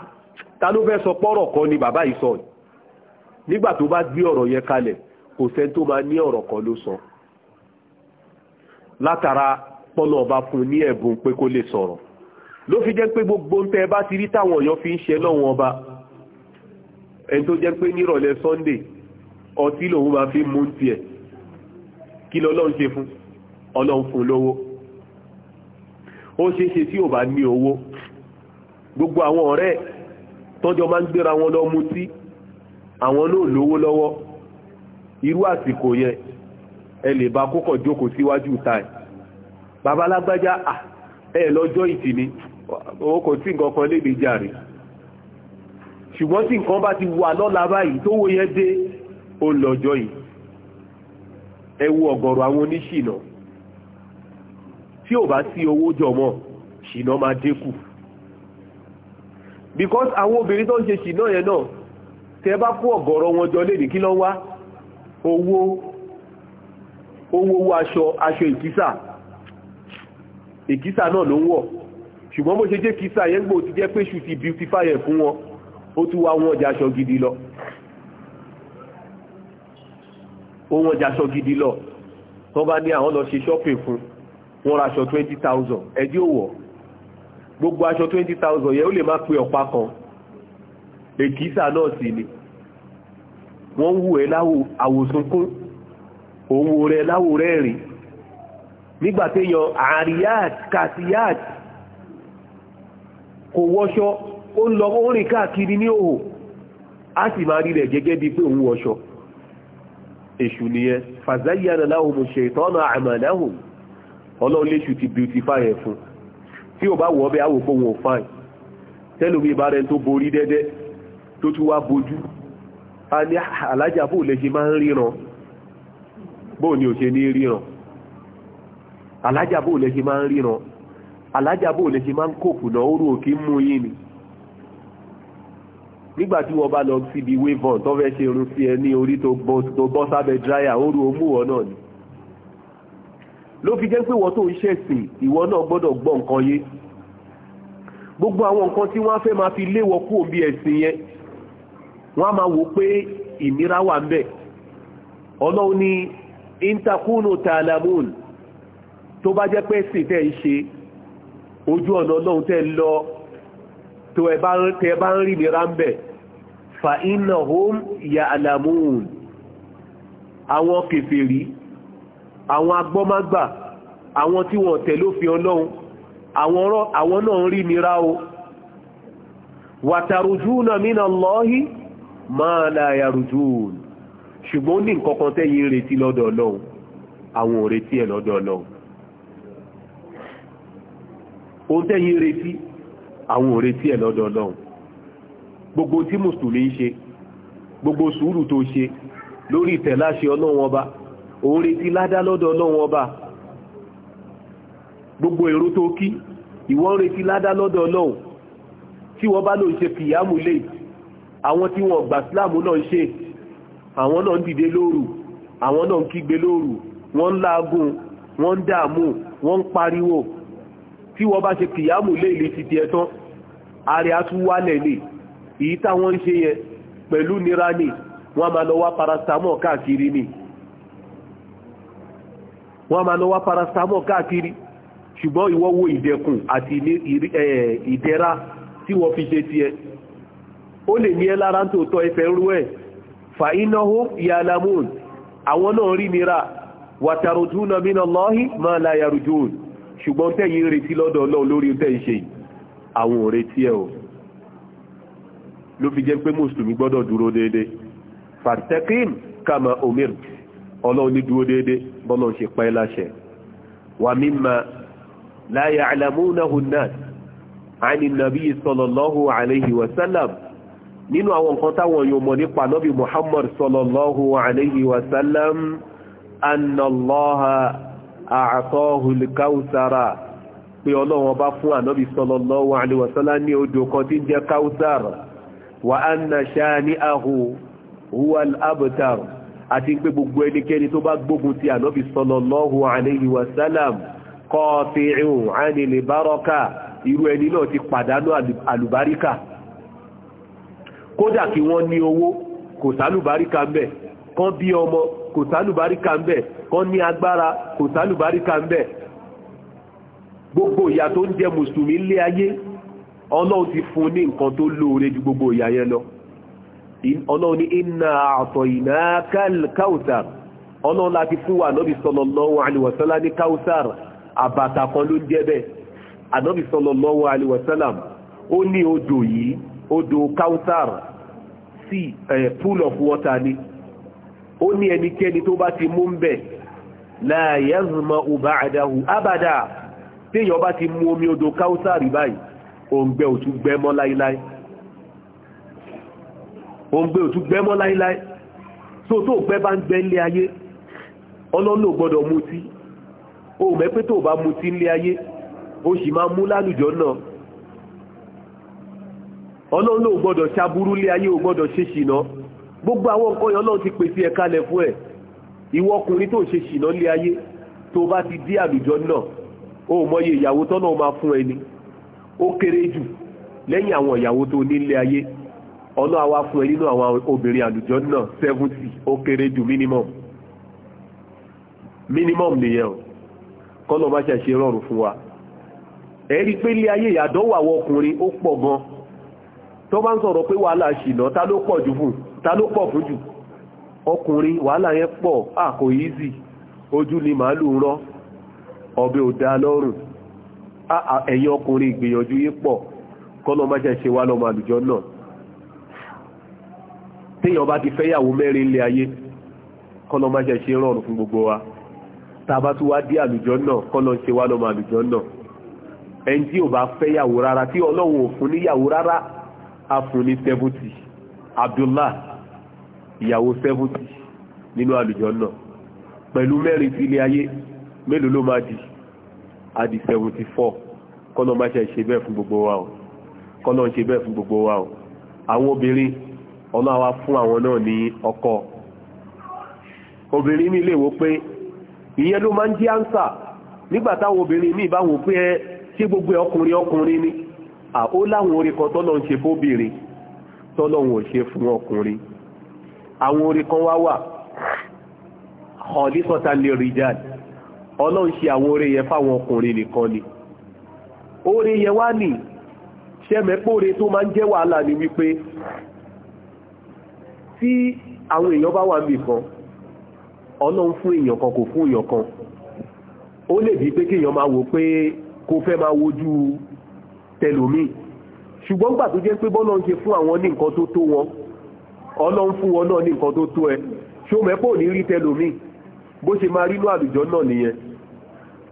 ta ló fẹ́ sọ pọ́rọ̀ kan ni bàbá yìí sọ nígbà tó bá gbé ọ̀rọ̀ yẹn kalẹ̀ kò sẹ́ni tó máa ní ọ̀rọ̀ kan ló sọ látara tọ́nà ọba fún ní ẹ̀bùn pé kó lè sọ̀rọ̀ ló fi jẹ́ pé gbogbo ń tẹ́ bá ti rí táwọn èèyàn fi ń ṣe lọ́wọ́n ọba ẹni tó jẹ́ pé nírọ̀lẹ́ Sunday ọtí lòun máa fi mú tiẹ̀ kí lọ́lọ́run ṣe fún ọlọ́run fún lówó ó ṣe ṣe tí ò bá ní owó gbogbo àwọn ọ̀rẹ́ tọ́jọ́ máa ń gbéra wọn lọ mutí àwọn náà lówó lọ́wọ́ irú àsìkò yẹn ẹ lè bá kókọ̀ jókòó síwájú táì bàbá lágbájá ẹ̀ lọ́jọ́ ìtì ni owó kò tí nǹkan kan léde jàre ṣùgbọ́n tí nǹkan bá ti wà lọ́la báyìí tó wó yẹn dé ó lọ́jọ́ yìí ẹ wo ọ̀gọ̀rọ̀ àwọn oníṣìnà tí ò bá sí owó jọmọ́ ṣìnà máa dínkù because àwọn obìnrin tó ń ṣe ṣìnà yẹn náà tẹ bá kó ọ̀gọ̀rọ̀ wọn jọ léde kí ló owó owó aṣọ aṣọ ìkísà èkísà náà ló ń wọ̀ ṣùgbọ́n bó ṣe jẹ́ kísà yẹn gbò ti jẹ́ péṣù ti beautify ẹ̀ fún wọn ó tún wá wọn ọjà gidi lọ ó wọn ọjà gidi lọ tó bá ní àwọn lọ ṣe shopping fún wọn ra twenty thousand ẹdí ò wọ̀ gbogbo aṣọ twenty thousand yẹn ó lè má pe ọ̀pá kan èkísà náà sì ni wọ́n ń wù ẹ́ láwo àwòsùnkún òun wo rẹ láwo rẹ́rìn nígbà téèyàn àríyáàt kàtíyáàt kò wọṣọ ó ń lọ ó rìn káàkiri ní òhò á sì máa rí rẹ̀ gẹ́gẹ́ bíi pé òun wọṣọ èṣù nìyẹn fàzáyàna láhùn ṣètọ́nà àmàláhùn ọlọ́run léṣù ti beautify ẹ̀ fún tí ò bá wọ̀ ọbẹ̀ àwò fóun ò fine tẹ́lómi bá rẹ̀ tó borí dẹ́dẹ́ tó tún wá bojú a ní alájà bó lè máa ń ríran bó ni ò ṣe ní ríran alájà bò lè ṣe máa ń ríran alájà bò lè ṣe máa ń kòkù náà ó rò kí ń mú yín ni nígbà tí wọ́n bá lọ síbi wavon tó fẹ́ ṣe irun sí ẹ ní orí tó bọ́ sábẹ́ dráyà ó rò wọn náà ni ló fi jẹ́ pé wọ́n tó ń ṣẹ̀sìn ìwọ náà gbọ́dọ̀ gbọ́ nǹkan yé gbogbo àwọn nǹkan tí wọ́n fẹ́ máa fi léwọ́ kú òbí ẹ̀sìn yẹn wọ́n á máa wò pé ìnira wà ń bẹ̀ ọlọ́run ní intakunu talamun tó bá jẹ́ pé sì tẹ́ ń ṣe ojú ọ̀nà ọlọ́run tẹ́ lọ tó ẹ bá ń rí nira ń bẹ̀ fa innahum ya'lamun àwọn kèfèrí àwọn agbọ́mágbà àwọn tí wọ́n tẹ̀ lófin ọlọ́run àwọn náà ń rí nira o wàtàrùjúùnà minallahi ma la yarjun ṣùgbọ́n ní nǹkan kan tẹ́yìn retí lọ́dọ̀ ọlọ́run àwọn ò ẹ̀ lọ́dọ̀ ọlọ́run ohun tẹ́yìn retí àwọn ò retí ẹ̀ lọ́dọ̀ Ọlọ́run gbogbo tí mùsùlùmí ń ṣe gbogbo sùúrù tó ṣe lórí ìtẹ̀láṣẹ Ọlọ́run ọba òun retí ládá lọ́dọ̀ Ọlọ́run ọba gbogbo èrò tó kí ìwọ ń retí ládá lọ́dọ̀ Ọlọ́run tí wọ́n bá lò ń ṣe kìyàmù lè àwọn tí wọ́n gbà síláàmù náà ń ṣe àwọn náà ń dìde lóru àwọn náà ń kígbe lóru wọ́n ń láàgùn wọ́n ń dààmú wọ́n ń pariwo tí wọ́n bá ṣe kìyàmù léèlé ti di ẹ̀tán ààrẹ atúwálẹ̀ ni èyí táwọn ń ṣe yẹn pẹ̀lú nira ni wọ́n máa lọ wá paracetamol káàkiri ni wọ́n máa lọ wá paracetamol káàkiri ṣùgbọ́n ìwọ ìdẹ̀kùn àti ìdẹ̀ra tí wọ́n fi ṣe tiẹ̀ ó lè ní ẹ lára tó tọ́ ẹfẹ́ rú ẹ̀ fàínàhó yalamun àwọn náà rí nira wàtàrùtúnà mínà lọ́hí máa láyàrùjúùn ṣùgbọ́n tẹ́yìn retí lọ́dọ̀ ọlọ́run lórí tẹ́yìn ṣe àwọn ò retí ẹ̀ o ló fi jẹ́ pé mùsùlùmí gbọ́dọ̀ dúró déédé fàtẹ́kìm kàmà omir ọlọ́run ní dúró déédé bọ́lọ́n ṣe pẹ́ láṣẹ wà mímà láyà àlàmúnahù náà àní nàbí sọlọ́lọ́hù àlẹ́hì wàsálàm nínú àwọn àtọ́hù káùsára pé ọlọ́run ọba fún ànábì sallallahu alaihi wasallam ní odò kan tí ń jẹ́ káùsár wà á nà ṣáà ní àhù huwal abtar àti pé gbogbo ẹnikẹ́ni tó bá gbógun ti ànábì sallallahu alaihi wasallam qati'un anil baraka irú ẹni náà ti kò sálùbáríkà ń bẹ̀ kán ní agbára kò sálùbáríkà ń bẹ̀ gbogbo ìyà tó ń jẹ mùsùlùmí lé ayé ọlọ́run ti fún ní nǹkan tó lóore ju gbogbo ìyà yẹn lọ ọlọ́run ní inna a'tainaka al-kawthar ọlọ́run láti fún wa ànábì sallallahu alaihi wasallam ní kawthar àbàtà kan ló ń jẹ́ bẹ́ẹ̀ ànábì sallallahu alaihi wasallam ó ní odò yìí odò kawthar sí eh, pool of water ni ó ní ẹnikẹ́ni tó bá ti mú ń bẹ̀ la yazma'u ba'dahu abada téèyàn bá ti mú omi odò káúsàrì báyìí òǹgbẹ ò tún gbẹ mọ́ láíláí òǹgbẹ ò tún gbẹ mọ́ láíláí tó tó gbẹ bá ń gbẹ ilé ayé ọlọ́lọ́ gbọ́dọ̀ mutí o mẹ́pẹ́ tó bá mutí ilé ayé ó sì máa mú lálùjọ náà ọlọ́lọ́ gbọ́dọ̀ ṣaburú ilé ayé ò gbọ́dọ̀ ṣe ṣìnà gbogbo àwọn nǹkan yẹn Ọlọ́run ti pèsè ẹ̀ kalẹ̀ fún ẹ̀ ìwọ ọkùnrin tó ṣe ṣìnà lé ayé tó bá ti dí àlùjọ náà ó mọye ìyàwó tọ́nà máa fún ẹni ó kéré jù lẹ́yìn àwọn ìyàwó tó nílé ayé ọ̀nà àwa fún ẹ nínú àwọn obìnrin àlùjọ náà seventy ó kéré jù minimum minimum nìyẹn o kọ́nà má ṣe ṣe rọrùn fún wa ẹ̀rí pé ilé ayé ìyàdọ́wọ̀ àwọn ọkùnrin ó pọ̀ gan tó bá ń sọ̀rọ̀ pé wàhálà ṣìnà ta ló pọ̀ jù fún un ta ló pọ̀ fún jù ọkùnrin wàhálà yẹn pọ̀ àkò easy ojú ni màálù rọ rọ́ ọbẹ̀ ò dá lọ́rùn ẹ̀yin ọkùnrin ìgbìyànjú yìí pọ̀ kọ́nà má jẹ́ ṣe wá lọ́mọ àlùjọ náà téèyàn bá ti fẹ́yàwó mẹ́rin ilé ayé kọ́nà má jẹ́ ṣe rọrùn fún gbogbo wa tá a bá tún wá dé àlùjọ náà kọ́nà ṣe wá lọ́mọ àlùjọ náà ẹni tí ò bá fẹ́yàwó rárá tí ọlọ́wọ́ ò fún níyàwó rárá á fún ní seventy Abdullah ìyàwó seventy nínú àlùjọ náà pẹ̀lú mẹ́rin sí ilé ayé mélòó ló máa di adi seventy four kọ́nà máa ṣe ṣe bẹ́ẹ̀ fún gbogbo wa o kọ́nà ṣe bẹ́ẹ̀ fún gbogbo wa o àwọn obìnrin ọ̀nà àwa fún àwọn náà ní ọkọ obìnrin ní ilé ìwò pé ìyẹn ló máa ń jẹ́ ánsà nígbà táwọn obìnrin ní ìbáwọn pé ẹ gbogbo ọkùnrin ọkùnrin ni à ó láwọn orí kan tọ́nà ń ṣe fóbìnrin tọ́lọ́hun ṣe fún ọkùnrin àwọn orí kan wá wà ọ̀lísọ́ta lè rí jáde ọlọ́run ṣe àwọn orí yẹn fáwọn ọkùnrin nìkan ni orí yẹn wá nì ṣẹ́mẹ́póre tó máa ń jẹ́ wàhálà ni wípé tí àwọn èèyàn bá wà níbì kan ọlọ́run fún èèyàn kan kò fún èèyàn kan ó lè bí pé kéèyàn máa wò pé kò fẹ́ máa wojú tẹlòmíì ṣùgbọ́n gbà tó jẹ́ pé bọ́lọ́ ń ṣe fún àwọn ní nǹkan tó tó wọn ọlọ́run fún wọn náà ní nǹkan tó tó ẹ ṣó mẹ́pọ̀ ní rí tẹlòmíì bó ṣe máa rínú àlùjọ náà nìyẹn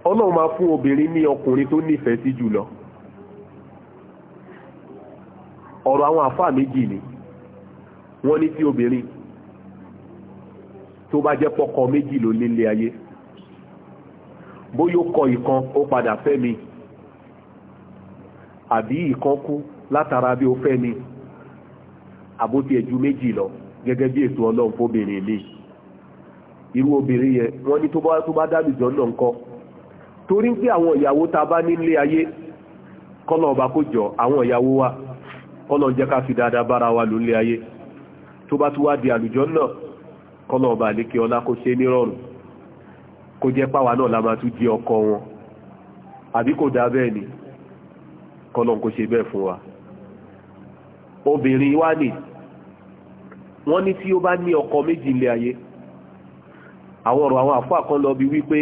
ọlọ́run máa fún obìnrin ní ọkùnrin tó nífẹ̀ẹ́ sí jùlọ ọ̀rọ̀ àwọn àfáà méjì ni wọ́n ní tí obìnrin tó bá jẹ́ pọ́kọ méjì ló lélẹ̀ ayé bóyá ó kọ ìkan ó padà fẹ́ mi àbí ìkan kú látara bí ó fẹ́ ni àbótí ẹ̀jú méjì lọ gẹ́gẹ́ bí ètò ọlọ́run fóbìnrin mi irú obìnrin yẹn wọ́n ní tó bá tó bá dálùjọ́ náà ńkọ́ torí pé àwọn ìyàwó ta bá nílé ayé kọ́nà ọba kó jọ àwọn ìyàwó wa kọ́nà jẹ́ ká fi dáadáa bára wa lò nílé ayé tó bá tó wá di àlùjọ́ náà kọ́nà ọba àlékè ọlá kó ṣe nírọ̀rùn kó jẹ́ páwa náà la máa tún jẹ́ ọkọ wọn àbí kò dá bẹ́ẹ̀ ni kọ́nà kó ṣe bẹ́ẹ̀ fún wa obìnrin wá nì wọ́n ní tí ó bá ní ọkọ méjì ilé ayé àwọn ọ̀rọ̀ àwọn àfọ́ àkọ́ lọ bí wípé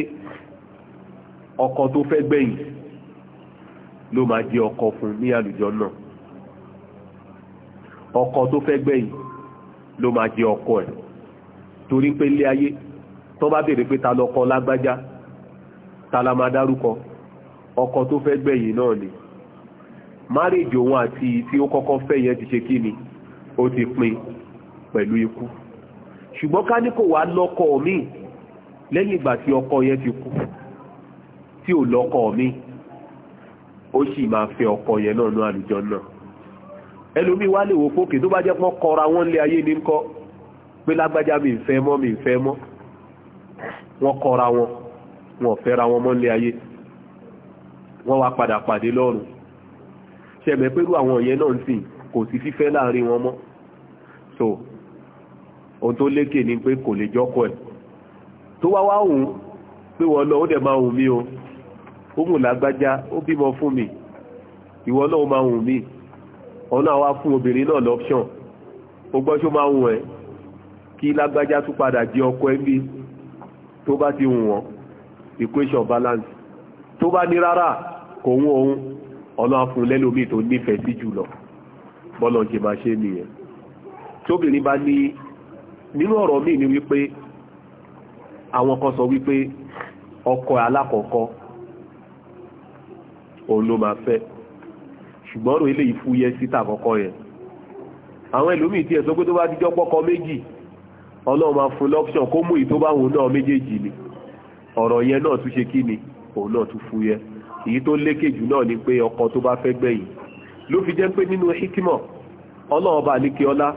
ọkọ tó fẹ́ gbẹ̀yìn ló máa jẹ ọkọ fún ní àlùjọ náà ọkọ tó fẹ́ gbẹ̀yìn ló máa jẹ ọkọ ẹ̀ torí pé ilé ayé tó bá béèrè pé ta lọ́kọ lágbájá ta la máa dárúkọ ọkọ tó fẹ́ gbẹ̀yìn náà ni marriage òun àti tí ó kọ́kọ́ fẹ́ yẹn ti ṣe kí ni ó ti pin pẹ̀lú ikú ṣùgbọ́n ká ní kò wá lọ́kọ mi lẹ́yìn ìgbà tí ọkọ yẹn ti kú tí ò lọ́kọ mi ó sì máa fẹ́ ọkọ yẹn náà ní àlùjọ náà ẹlòmíì wá lè wò fókè tó bá jẹ́ pọ́n kọra wọ́n lé ayé ní kọ́ pé lágbájá mi ń fẹ́ mọ́ mi ń fẹ́ mọ́ wọ́n kọra wọn wọn ò fẹ́ra wọn mọ́ lé ayé wọ́n wá padà pàdé lọ́rùn ṣẹ̀mẹ̀ pẹ̀lú àwọn yẹn náà sì kò sí fífẹ́ láàrin wọn mọ́ so ohun tó lékè ni pé kò lè jọ́kọ ẹ̀ tó wá wá òun pé wọ́n lọ ó dẹ̀ máa hùn mí o ó mù lágbájá ó bímọ fún mi ìwọ náà ó máa hùn mí ọ̀nà wá fún obìnrin náà lọ́pṣọ̀n ó gbọ́ ṣó máa hùn ẹ̀ kí lágbájá tún padà jẹ ọkọ ẹ̀ bí tó bá ti hùn wọn equation balance tó bá ní rárá kò hùn òun ọlọ́wà fún lẹ́lómi tó nífẹ̀ẹ́ sí jùlọ bọ́lọ̀ jẹ máa ṣe nìyẹn tóbìnrin bá ní nínú ọ̀rọ̀ míì ni wípé àwọn kan sọ wípé ọkọ alákọ̀ọ́kọ́ òun ló máa fẹ́ ṣùgbọ́n ọ̀rọ̀ eléyìí fúyẹ́ síta àkọ́kọ́ yẹn àwọn ẹlòmíì tí ẹ sọ pé tó bá dijọ́ pọ́kọ méjì ọlọ́run máa fún lọ́pṣọ̀n kó mú ìtó bá òun náà méjèèjì ni ọ̀rọ̀ yẹn náà tún ṣe kí ni òun náà tún fúyẹ́ èyí tó lékè jù náà ni pé ọkọ tó bá fẹ́ gbẹ̀yìn ló fi jẹ́ pé nínú hikimọ̀ ọlọ́ọ̀bà líkẹ́ ọlá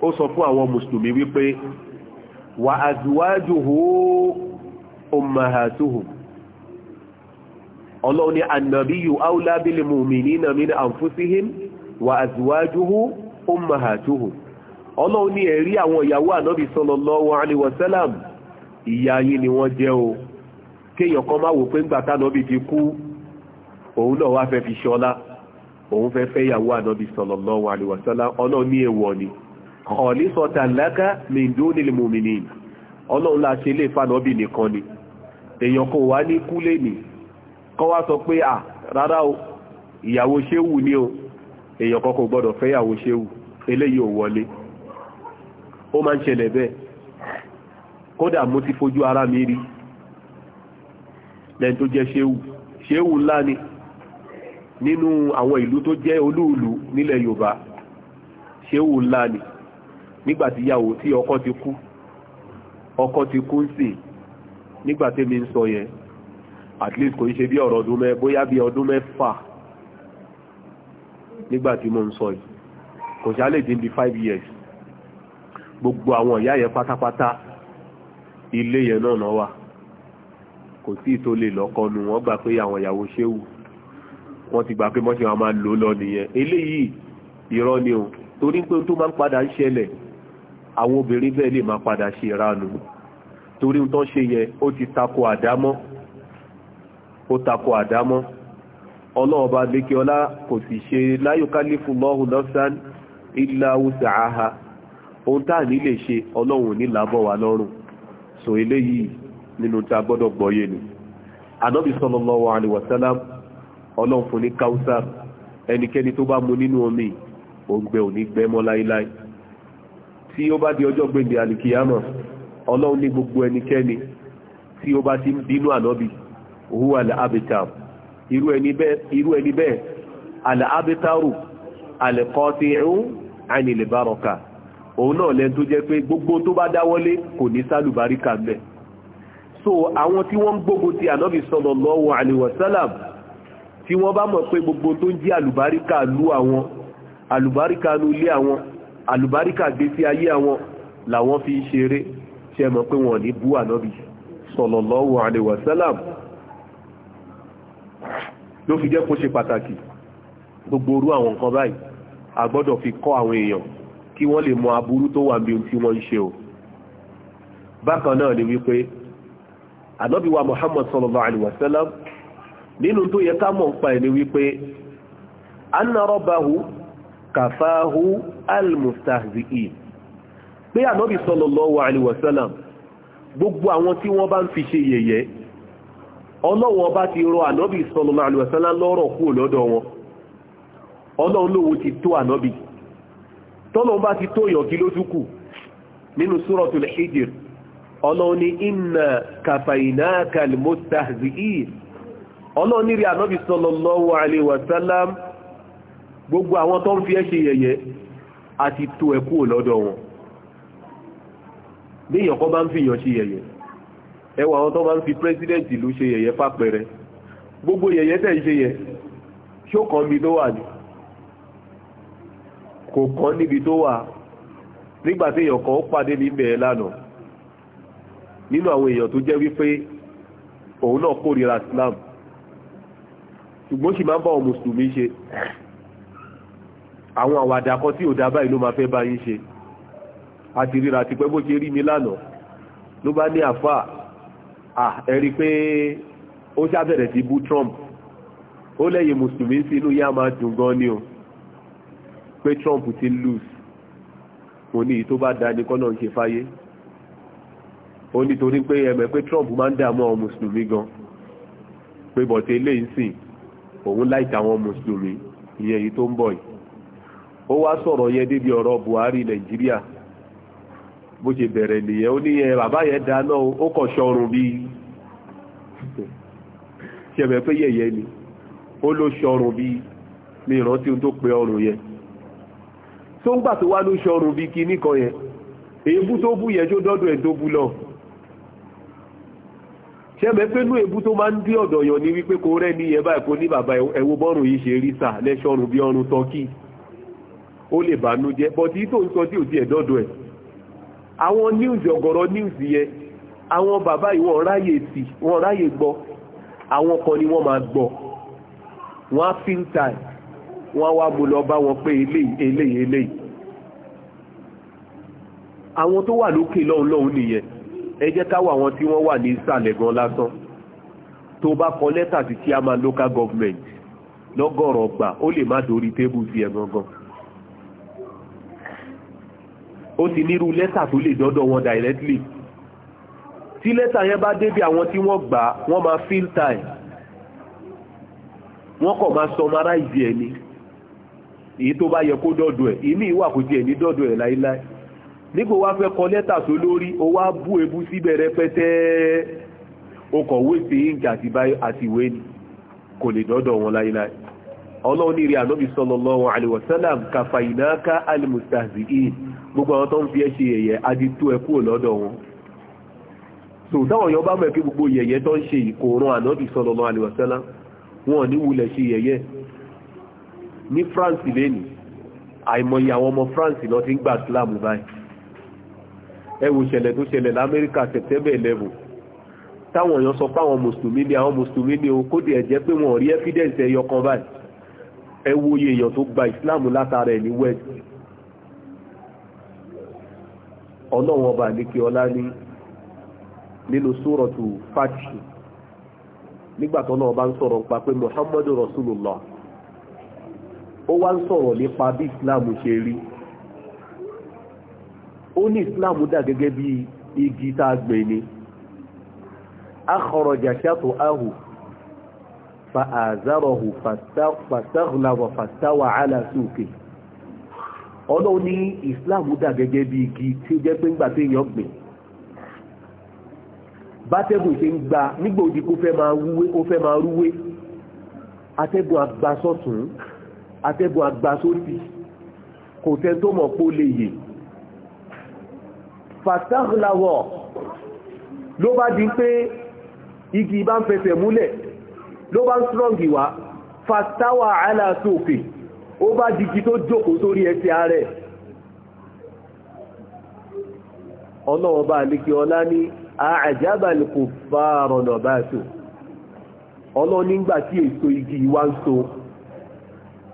ó sọ fún àwọn mùsùlùmí wípé wà azwajuhu ummahatuhum ọlọ́run ni annabiyu àwọn ìyàwó ànábì sallallahu alaihi ìyá yìí ni wọ́n jẹ́ o kéèyàn kan máa wò pé ńgbà tánàbí ti kú òun náà wá fẹ́ fi ṣọlá òun fẹ́ fẹ́ yàwó ànábì sallallahu alaihi wasallam ọlọ́run ní èèwọ̀ ni khalisatan laka min dunil mu'minin ọlọ́run la ṣe lè fànábì nìkan ni èèyàn kò wá ní kúlé ni kọ́ wá sọ pé à rárá o ìyàwó ṣéwù ni o èèyàn kan kò gbọ́dọ̀ fẹ́ yàwó ṣéwù eléyìí ò wọlé ó máa ń ṣẹlẹ̀ bẹ́ẹ̀ kódà mo ti fojú ara mi rí lẹ́yìn tó jẹ́ ṣéwù ṣéwù ńlá ni nínú àwọn ìlú tó jẹ́ olúùlú nílẹ̀ yorùbá ṣéwù ńlá ni nígbàtí yàwó tí ọkọ ti kú ọkọ ti kú ń sìn nígbàtí mi ń sọ yẹn at least kò ń ṣe bí ọ̀rọ̀ ọdún mẹ́ bóyá bí ọdún mẹ́fà nígbàtí mo ń sọ yìí kò ṣá lè dín bí five years gbogbo àwọn ìyá yẹn pátápátá ilé yẹn náà náà wà kò sí ìtò lè lọ́kọ́ nu wọ́n gbà pé àwọn ìyàwó ṣéwù wọ́n ti gbà pé mọ́ṣẹ́ wọn máa lò lọ nìyẹn eléyìí irọ́ ni o torí pé tó máa ń padà ń ṣẹlẹ̀ àwọn obìnrin bẹ́ẹ̀ lè máa padà ṣe ìranu torí tó ń ṣe yẹn ó ti tako àdámọ́ ó tako àdámọ́ ọlọ́ọ̀bá lékeọlá kò sì ṣe láyọ̀kálífù lọ́hùn lọ́sàn ilá wùsàáha ohun táà ní lè ṣe ọlọ́run ní làbọ̀ wà lọ́rùn so eléyìí nínú tá a gbọ́dọ̀ gbọ́yé ni ànábì sallallahu alaihi wasallam ọlọ́run fún ní Kausar ẹnikẹ́ni tó bá mu nínú omi òǹgbẹ ò ní gbẹ mọ́ láíláí tí ó bá di ọjọ́ gbèndé alikiyama ọlọ́run ní gbogbo ẹnikẹ́ni tí ó bá ti ń bínú ànábì huwa al-abtar irú òun náà lẹ́nu tó jẹ́ pé gbogbo tó bá dáwọ́lé kò ní sálùbáríkà bẹ́ẹ̀ so àwọn tí wọ́n ń gbógun ti ànábì sallallahu alaihi wasallam tí wọ́n bá mọ̀ pé gbogbo tó ń jẹ́ àlùbáríkà lú àwọn àlùbáríkà ló lé àwọn àlùbáríkà gbé sí ayé àwọn làwọn fi ń ṣeré ṣe mọ̀ pé wọ́n ní bú ànábì sallallahu alaihi wasallam ló fi jẹ́ kó ṣe pàtàkì gbogbo orú àwọn nǹkan báyìí a fi kọ́ àwọn èèyàn kí wọ́n lè mọ aburú tó wà níbi ohun tí wọ́n ń ṣe o bákan náà ni wípé ànábì wa Muhammad sallallahu alaihi wasallam nínú tó yẹ ká mọ̀ ń pa ẹ̀ ni wípé anna rabbahu kàfáhù almustahzi'i pé ànábì sallallahu alaihi wasallam gbogbo àwọn tí wọ́n bá ń fi ṣe yẹ̀yẹ́ ọlọ́run ọba ti rọ ànábì sallallahu alaihi wasallam lọ́rọ̀ ọlọ́run ní inna kàfàìnáàkà almustahzi'in ọlọ́run ní rí ànábì sallallahu alaihi gbogbo àwọn tó ń fi ẹ́ ṣe yẹ̀yẹ́ àti tó ẹ lọ́dọ̀ wọn léèyàn ma bá ń fìyàn ṣe yẹ̀yẹ́ ẹwà àwọn tó bá ń fi president ìlú ṣe yẹ̀yẹ́ fàpẹrẹ gbogbo yẹ̀yẹ́ tẹ̀ ṣe yẹ ṣó wà ní kò níbi tó wà nígbà tí pàdé nínú àwọn èèyàn tó jẹ́ wípé òun náà kórìíra Islam ṣùgbọ́n sì máa ń bá àwọn mùsùlùmí ṣe àwọn àwàdà kan tí ò dá báyìí ló máa fẹ́ bá yín ṣe àti ríra ti pẹ́ bó ṣe rí mi lánàá ló bá ní àfà ẹ̀rí pé ó ṣàbẹ̀rẹ̀ sí bú Trump ó lẹ́yìn mùsùlùmí sínú yá máa dùn gan ni o pé Trump ti lose mo ní èyí tó bá dá ní kọ́nà ń ṣe fáyé ó nítorí pé ẹmẹ̀ pé Trump máa ń dààmú àwọn mùsùlùmí gan pé bọ̀tẹ́ ilé ìsìn òun láìta àwọn mùsùlùmí ìyẹn èyí tó ń bọ̀ yìí ó wá sọ̀rọ̀ yẹn débi ọ̀rọ̀ Buhari Nàìjíríà bó ṣe bẹ̀rẹ̀ nìyẹn ó ní yẹn bàbá yẹn dáná ó kọ̀ ṣọrùn bí ṣẹ̀mẹ̀ pé yẹ̀yẹ́ ni ó ló ṣọrùn bí mi ìrántí ohun tó pe ọrùn yẹn tó ń gbà tó wá ló ṣọrùn bí kinní kan yẹn èébú tó bú yẹn tó dọ́dọ̀ ẹ̀ tó bú lọ ṣé mẹ́ pé inú ebú tó máa ń dí ọ̀dọ̀ yàn ni wípé kò rẹ́ ní ẹ̀bá ẹ̀kọ́ ní bàbá ẹ̀wọ́ bọ́rùn yìí ṣe rí sà lẹ́ṣọ́rùn bí ọrùn tọ́kì ó lè bànú jẹ́ bọ́tí tó ń sọ tí ò ti ẹ̀dọ́dọ̀ ẹ̀ àwọn news ọ̀gọ̀rọ̀ news yẹn àwọn bàbá yìí wọ́n ráyè sí wọ́n ráyè gbọ́ àwọn kan ni wọ́n máa gbọ́ wọ́n á fi ń ta ẹ̀ wọ́n á wá mú lọ bá wọn pé eléyìí eléyìí ẹ jẹ́ ká wà wọn tí wọ́n wà ní ìsàlẹ̀ gan lásán tó bá kọ lẹ́tà sí chairman local government lọ́gọ̀rọ̀ gbà ó lè má dórí tébù sí ẹ gangan ó ti nírú lẹ́tà tó lè dọ́dọ̀ wọn directly tí lẹ́tà yẹn bá débi àwọn tí wọ́n gbà wọ́n máa fill time wọ́n kọ̀ máa summarize ẹni èyí tó bá yẹ kó dọ́dọ̀ ẹ̀ ìmí ìwà kò tiẹ̀ ní dọ́dọ̀ ẹ̀ láíláí nígbò wá fẹ́ kọ lẹ́tà tó lórí o wá bú ebú síbẹ̀ rẹpẹtẹ o kàn wé sí ìǹkì àti ìwé ni kò lè dọ́dọ̀ wọn láíláí ọlọ́run ní rí ànábì sallallahu alaihi wasallam kàfàìnáká alìmùsàzìín gbogbo àwọn tó ń fi ẹ́ ṣe yẹ̀yẹ́ adi tó ẹ kúrò lọ́dọ̀ wọn so sallallahu alaihi wasallam wọn ní wulẹ̀ ṣe yẹ̀yẹ́ France lẹ́nu àìmọye àwọn ọmọ France lọ ti ń gba ẹ wo ìṣẹ̀lẹ̀ tó ṣẹlẹ̀ lamẹ́ríkà september eleven táwọn èèyàn sọ fáwọn mùsùlùmí ni àwọn mùsùlùmí ni o kódì ẹ pé wọn rí evidence ẹyọ kan báyìí ẹ wo èèyàn tó gba islam látara ẹ̀ ní west ọlọ́run ọba àdékè ọlá ní nínú sórọ̀tù fàtì nígbà tó náà bá ń sọ̀rọ̀ nípa pé muhammadu rasulullah ó wá bí islam ṣe ó ní islam dà gẹ́gẹ́ bí igi tá a gbìn ni akhraja shat'ahu fa azarahu fastaghlaba fastawa ala suqi ọlọ́run ní islam dà gẹ́gẹ́ bí igi tí ó jẹ́ pé ńgbà tó èèyàn gbìn bátẹ́gùn ṣe ń gba nígbà kó fẹ́ máa wúwé ó fẹ́ máa rúwé atẹ́gùn agbásọ́tún atẹ́gùn agbásótì kò tẹ́ tó mọ̀ pó lè yè fàtàhùláwọ̀ ló bá di pé igi bá ń fẹsẹ̀ múlẹ̀ ló bá ń strong wá fàtàwà aláàtòfè ó bá di igi tó jókòó sórí ẹsẹ̀ ààrẹ ọlọ́wọ́ bá alékẹ́ ọlá ní àjábàlì kò fàárọ̀nà bá tó ọlọ́ nígbà tí èso igi wá ń so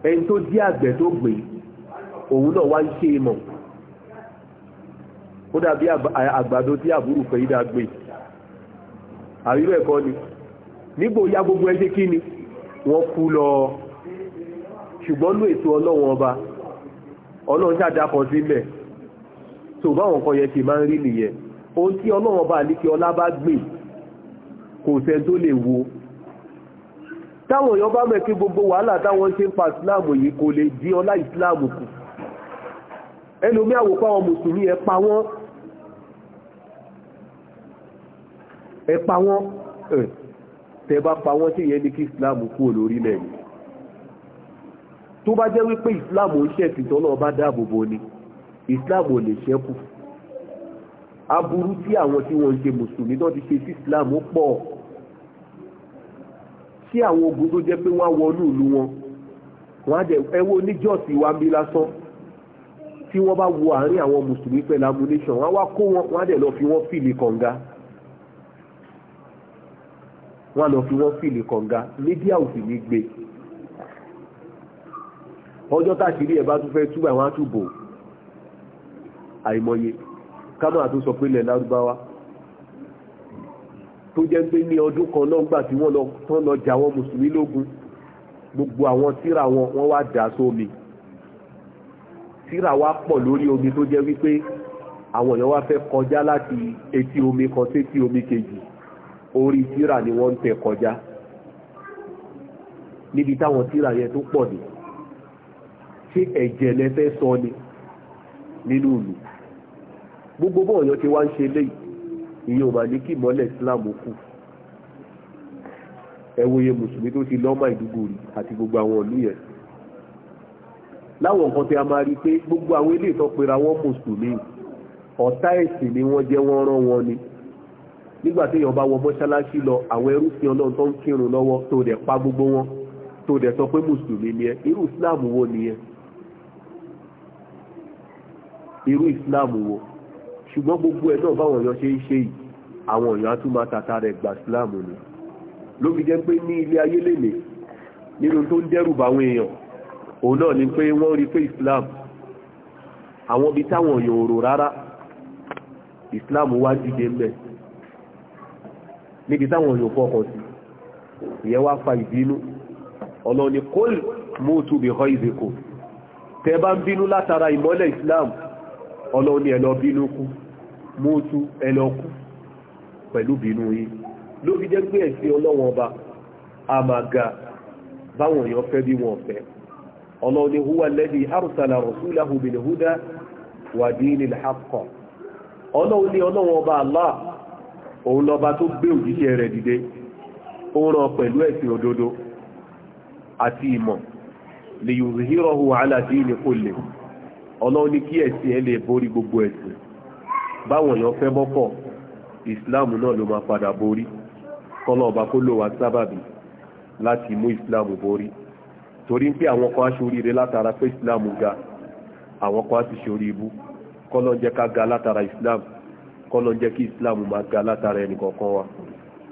ẹni tó jẹ́ àgbẹ̀ tó gbé òun náà wá ń ṣe ìmọ̀ ó dàbí àgbàdo tí àbúrò fẹ́ ìdá gbé ẹ̀kọ́ ni nígbò ya gbogbo ẹjẹ́ kí ni wọ́n kú lọ ṣùgbọ́n ló ètò ọlọ́wọ́n ọba ọlọ́run ṣàdàkọ sílẹ̀ tó báwọn kan yẹn ṣe máa ń rí nìyẹn ohun tí ọlọ́wọ́n ọba àníkí ọlá bá gbé kò sẹ́ni tó lè wo táwọn èèyàn bá mẹ́ kí gbogbo wàhálà táwọn ṣe ń pa ìsìláàmù yìí kò lè di ọlá ìsìláàmù kù ẹlòmí àwòkọ́ àwọn mùsùlùmí ẹ pa wọ́n ẹ pa wọ́n tẹ bá pa wọ́n tí ìyẹn ní kí islam kú olórí lẹ́yìn tó bá jẹ́ wípé islam ń ṣẹ̀sì tọ́lọ́ bá dáàbòbò ni islam ò lè ṣẹ́kù aburú tí àwọn tí wọ́n ń ṣe mùsùlùmí náà ti ṣe sí islam pọ̀ sí àwọn ogun tó jẹ́ pé wọ́n á wọnú ìlú wọn wọ́n á jẹ́ ẹwọ́ oníjọ́sí wa ń bí lásán tí wọ́n bá wo àárín àwọn mùsùlùmí pẹ̀lú amúnéṣàn wọ́n á wá kó wọn wọ́n á dẹ̀ lọ fi wọ́n fìlì kànga wọ́n lọ fi wọ́n fìlì kànga mídíà ò sì ní gbé ọjọ́ táṣìírí ẹ̀ bá tún fẹ́ túbà wọn á túbò àìmọye kámọ́ àtún sọ pé ilẹ̀ lárúbáwá tó jẹ́ pé ní ọdún kan náà gbà tí wọ́n lọ tán lọ jà wọ́n mùsùlùmí lógun gbogbo àwọn tírà wọn wọ́n wá dà sómi tírà wá pọ̀ lórí omi tó jẹ́ wípé àwọn èèyàn wá fẹ́ kọjá láti etí omi kan sétí omi kejì orí tíra ni wọ́n ń tẹ̀ kọjá níbi táwọn tíra yẹn tó pọ̀ ní ṣé ẹ̀jẹ̀ lẹ́fẹ́ sọ ni nínú ìlú gbogbo bọ́ọ̀yọ́ ti wá ń ṣe léyìí ìyẹn ò mà ní kí ìmọ́lẹ̀ Islam kù ẹ wo iye mùsùlùmí tó ti lọ́mà ìdúgbòrì àti gbogbo àwọn ìlú yẹn láwọn nǹkan tí a máa rí pé gbogbo àwọn ilé ìtọ́pera wọn mùsùlùmí ọ̀tá ẹ̀sìn ni wọ́n jẹ́ wọ́n rán wọn ni nígbà téèyàn bá wọ mọ́ṣáláṣí lọ àwọn ẹrúfin ọlọ́run tó ń kírun lọ́wọ́ tó dẹ̀ pa gbogbo wọn tó dẹ̀ sọ pé mùsùlùmí ni ẹ irú islam wo nìyẹn irú islam wo ṣùgbọ́n gbogbo ẹ̀ náà báwọn èèyàn ṣe ń ṣe yìí àwọn èèyàn á tún máa tàta rẹ̀ gba islam ni ló fi jẹ́ pé ní ilé ayé lèlè nínú tó ń dẹ́rù báwọn èèyàn òun náà ni pé wọ́n rí pé islam àwọn ibi táwọn èèyàn ò rárá islam wá dìde mbẹ́ níbi táwọn olùkọ́ ọkọ̀ sí ìyẹn wá fa ìbínú ọlọ́ni kol mútu bí họ ìzèkò tẹ bá ń bínú látara ìmọ́lẹ̀ Islam ọlọ́ni ẹ̀lọ bínú kú mútu ẹ̀lọ kú pẹ̀lú bínú yìí ló fi jẹ́ pé ẹ̀sìn ọlọ́wọ́n ọba àmàgà báwọn èèyàn fẹ́ bí wọn fẹ́ ọlọ́ni huwa lẹ́dí arsala rasulahu bil huda wà dínil haqq ọlọ́ni ọlọ́wọ́n ọba Allah òun lọba tó gbé òjíṣẹ́ rẹ̀ dìde ó rán pẹ̀lú ẹ̀sìn òdodo àti ìmọ̀ lè yùzìhírọ̀hù aláàdí ní kò lè ọlọ́run ní kí ẹ̀sìn ẹ lè borí gbogbo ẹ̀sìn báwọn èèyàn fẹ́ bọ́kọ̀ islam náà ló máa padà borí kọ́lọ̀ ọba kó lò wá sábàbí láti mú islam borí torí pé àwọn kan aṣoríire látara pé islam ga àwọn kan á ti ga látara islam kọ́lọ̀ jẹ́ kí islam máa ga látara ẹnìkọ̀ọ̀kan wa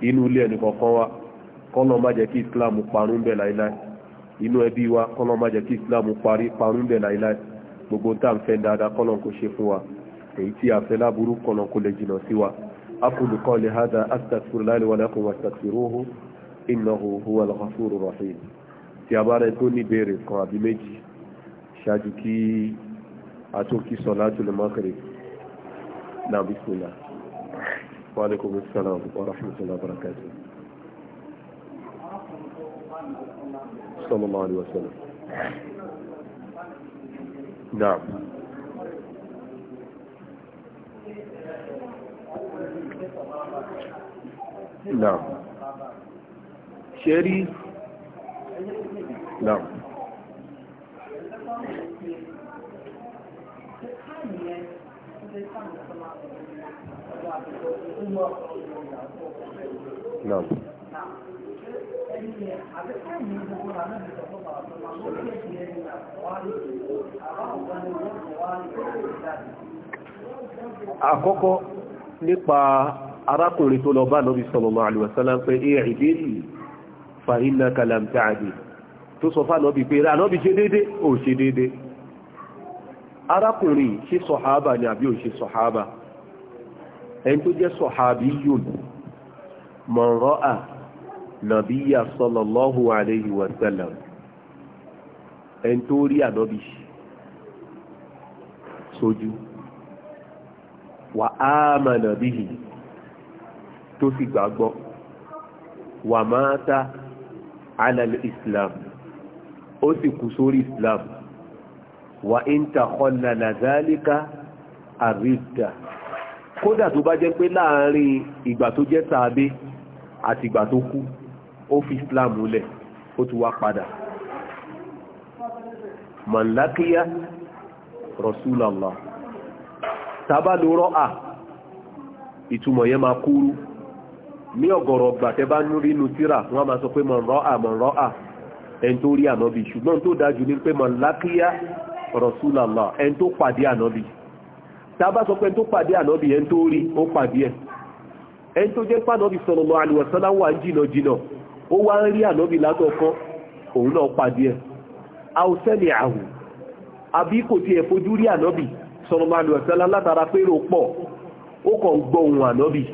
inú ilé ẹnìkọ̀ọ̀kan wa kọ́lọ̀ má jẹ́ kí islam parun bẹ̀ láíláí inú ẹbí wa kọ́lọ̀ má jẹ́ kí islam parí parun bẹ̀ láíláí gbogbo tá à ń fẹ́ dáadáa kọ́lọ̀ kò ṣe fún wa èyí tí a fẹ́ láburú kọ́lọ̀ kò lè jìnà sí wa aqulu qawli hadha astaghfirullahi li wa lakum wastaghfiruhu innahu huwal ghafurur rahim tí a bá rẹ tó ní ìbéèrè kan àbí méjì ṣáájú kí a tó kí sọ̀látùl maghrib náà bisimilá waaleykum salaam wa rahmatulah barakatu. sallallahu alayhi wa sallam. naam. naam. ṣe rí. naam. نعم àkọ́kọ́ nípa arákùnrin tó lọ bá Ànábì sallallahu alaihi wasallam pé i'dil fa innaka lam ta'dil tó sọ fà Ànábì pé Ànábì ṣe dédé ò ṣe dédé arákùnrin ṣe sọ̀háábà ni àbí ò ṣe sọ̀háábà ẹni tó jẹ́ sọ̀hábí yùn mọ̀rọ́à nàbíyà sallallahu alayhi wa sallam ẹni tó rí ànábì sójú wà áàmà nàbíyì tó sì gbàgbọ́ wà máta alal islam ó sì kú sórí islam wà ń takọ́ lalazalika àrídà kódà tó bá jẹ́ pé láàárín ìgbà tó jẹ́ sàábé àti ìgbà tó kú ó fi islam múlẹ̀ ó ti wá padà mọ̀lákíyá rasulallah tábàlú rọ́à ìtumọ̀ yẹn máa kúrú ní ọ̀gọ̀rọ̀ ọgbà tẹ́ bá nú rínú tíra wọ́n máa sọ pé mọ̀ rọ́à mọ̀ rọ́à ẹni tó rí ta a bá sọ pé tó pàdé ànábì yẹn tó rí ó pàdé ẹ. tó jẹ́ pànábì sallallahu alaihi wà jìnà jìnà ó wá ń rí ànábì látọ̀kọ́ òun náà pàdé ẹ. àwòsẹ́ni àbí kò fojú rí ànábì sọlọ látara ó kàn gbọ́ ohun ànábì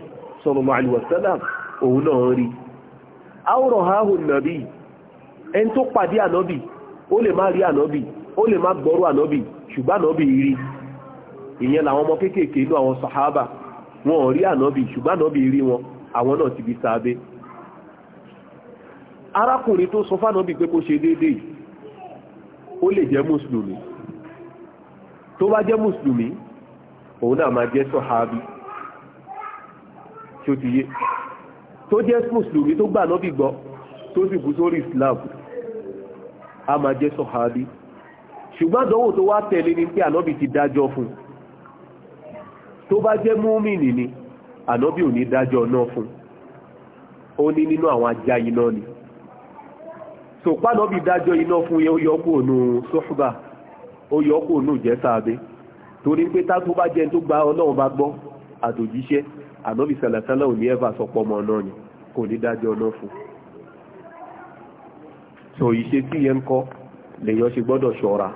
òun náà rí pàdé ànábì ó lè má rí ànábì ó lè má gbọrọ ànábì ṣùgbọ́n ìyẹn làwọn ọmọ kéékèèké inú àwọn sàhábà wọn ò rí ànábì ṣùgbọ́n ànábì rí wọn àwọn náà ti fi sáabé arákùnrin tó sọ fánàbì pé kó ṣe déédéé yìí ó lè jẹ́ mùsùlùmí tó bá jẹ́ mùsùlùmí òun náà máa jẹ́ sọ̀hábí tí ó ti yé tó jẹ́ mùsùlùmí tó gbà náà gbígbọ́ tó sì kú sórí Islam a máa jẹ́ sọ̀hábí ṣùgbọ́n àdánwò tó wá tẹ̀lé ni pé ànábì ti dájọ́ fún un tó bá jẹ́ múmìnì ni ànábì ò ní dájọ́ náà fún ó ní nínú àwọn ajá iná ni so pánàbì dájọ́ iná fún yẹ ó yọ kó ònú sọ́fúbà ó yọ kó ònú jẹ́ sáabe torí pé tá tó bá jẹ́ tó gba ọlọ́run bá gbọ́ àtòjíṣẹ́ ànábì sàlàsálà ò ní ẹ̀fà sọpọ̀ ọmọ náà ni kò ní dájọ́ náà fún so ìṣe tí yẹn ń kọ́ lèèyàn ṣe gbọ́dọ̀ ṣọ́ra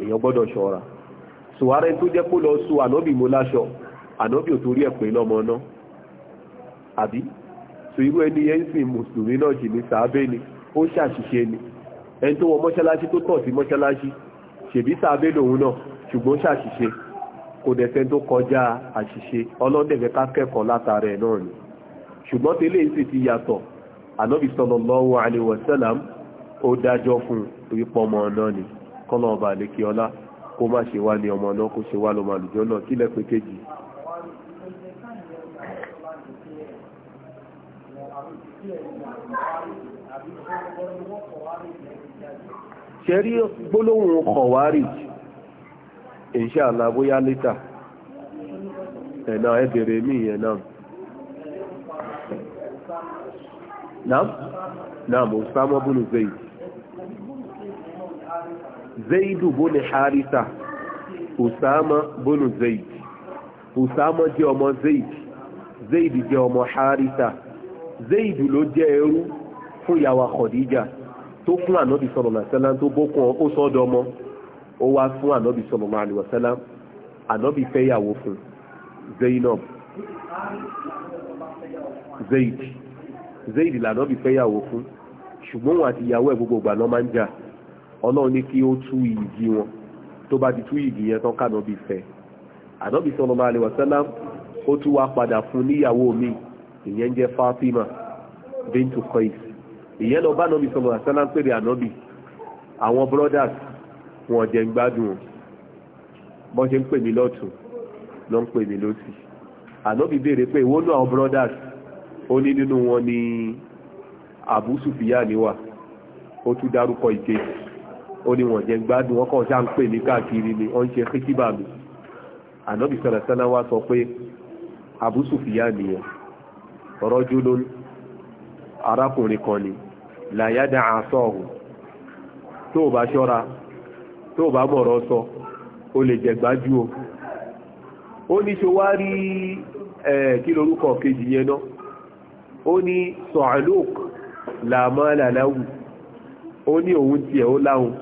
èèyàn gbọ́dọ̀ ṣọ́ra sùwárẹ́ tó jẹ́ kó lọ sùn ànábì mo láṣọ ànábì ò torí ẹ̀ pé lọ́mọ náà àbí sọ irú ẹni yẹn mùsùlùmí náà jì ní sàábẹ́ ni ó ṣàṣìṣe ni ẹni tó wọ mọ́ṣáláṣí tó tọ̀ sí mọ́ṣáláṣí ṣèbí sàábẹ́ lòun náà ṣùgbọ́n ṣàṣìṣe kò dẹ̀fẹ́ tó kọjá àṣìṣe ọlọ́dẹ̀fẹ́ ká kẹ́kọ̀ọ́ látara ẹ̀ náà ni ṣùgbọ́n tẹ́lẹ̀ ń sì ti yàtọ̀ ànábì sallallahu alaihi wasallam ó dájọ́ fún ìpọmọ náà ni kọ́lọ́ ọba kó má ṣe wá ní ọmọ náà kó ṣe wá lọ́mọ àlùjọ náà kí lẹ́pẹ́ kejì. ṣẹ́rí gbólóhùn kọ̀wárì inshallah bóyá lítà ẹ̀nà ẹ̀bẹ̀rẹ̀ mí ẹ̀nà náà náà mọ̀ sámọ́ bùnú zayd zaidu bóni harisa usama bóni zaid usama jẹ́ ọmọ zaid zaid jẹ́ ọmọ harisa zaid ló jẹ́ ẹrú fún yàwá khadija tó fún ànábì sallallahu alaihi wasallam tó bókun ó sọ́dọ̀ ọmọ ó wá fún ànábì sallallahu alaihi wasallam ànábì fẹ́ yàwó fún zainab zaid zaid lànábì fẹ́ yàwó fún ṣùgbọ́n wọn àti ìyàwó ẹ̀ gbogbo ìgbà máa ń jà ọlọ́run ní kí ó tú ìdí wọn tó bá ti tú ìdí yẹn tán kànà bí fẹ́ ànábì sallallahu alaihi wasallam ó tún wá padà fún níyàwó mi ìyẹn jẹ́ Fatima bintu Qais ìyẹn lọ bá ànábì sallallahu alaihi wasallam pèrè ànábì àwọn brothers wọn jẹ́ ń gbádùn bọ́n ṣe ń pè mí lọ́tún ló ń pè mí lọ́sì ànábì béèrè pé ìwọ́nú àwọn brothers ó ní nínú wọn ni Abu Sufyan ni wà ó tún dárúkọ ìkejì ó ní wọ́n jẹ́ gbádùn ọkọ̀ ọ̀ṣà ń pè ní káàkiri ni wọ́n ń ṣe kíkíbà mi ànábì sọ̀rọ̀sọ́nà wá sọ pé Abu Sufyan nìyẹn rajulun arákùnrin kan ni la yada'a asahu tó o bá ṣọ́ra tó o bá mọ̀rọ̀ sọ o lè jẹ gbájú o ó ní ṣe wá rí kí lorúkọ kejì yẹn náà ó ní sọ̀àlóòk làmọ́ làláwù ó ní òun tiẹ̀ ó láhùn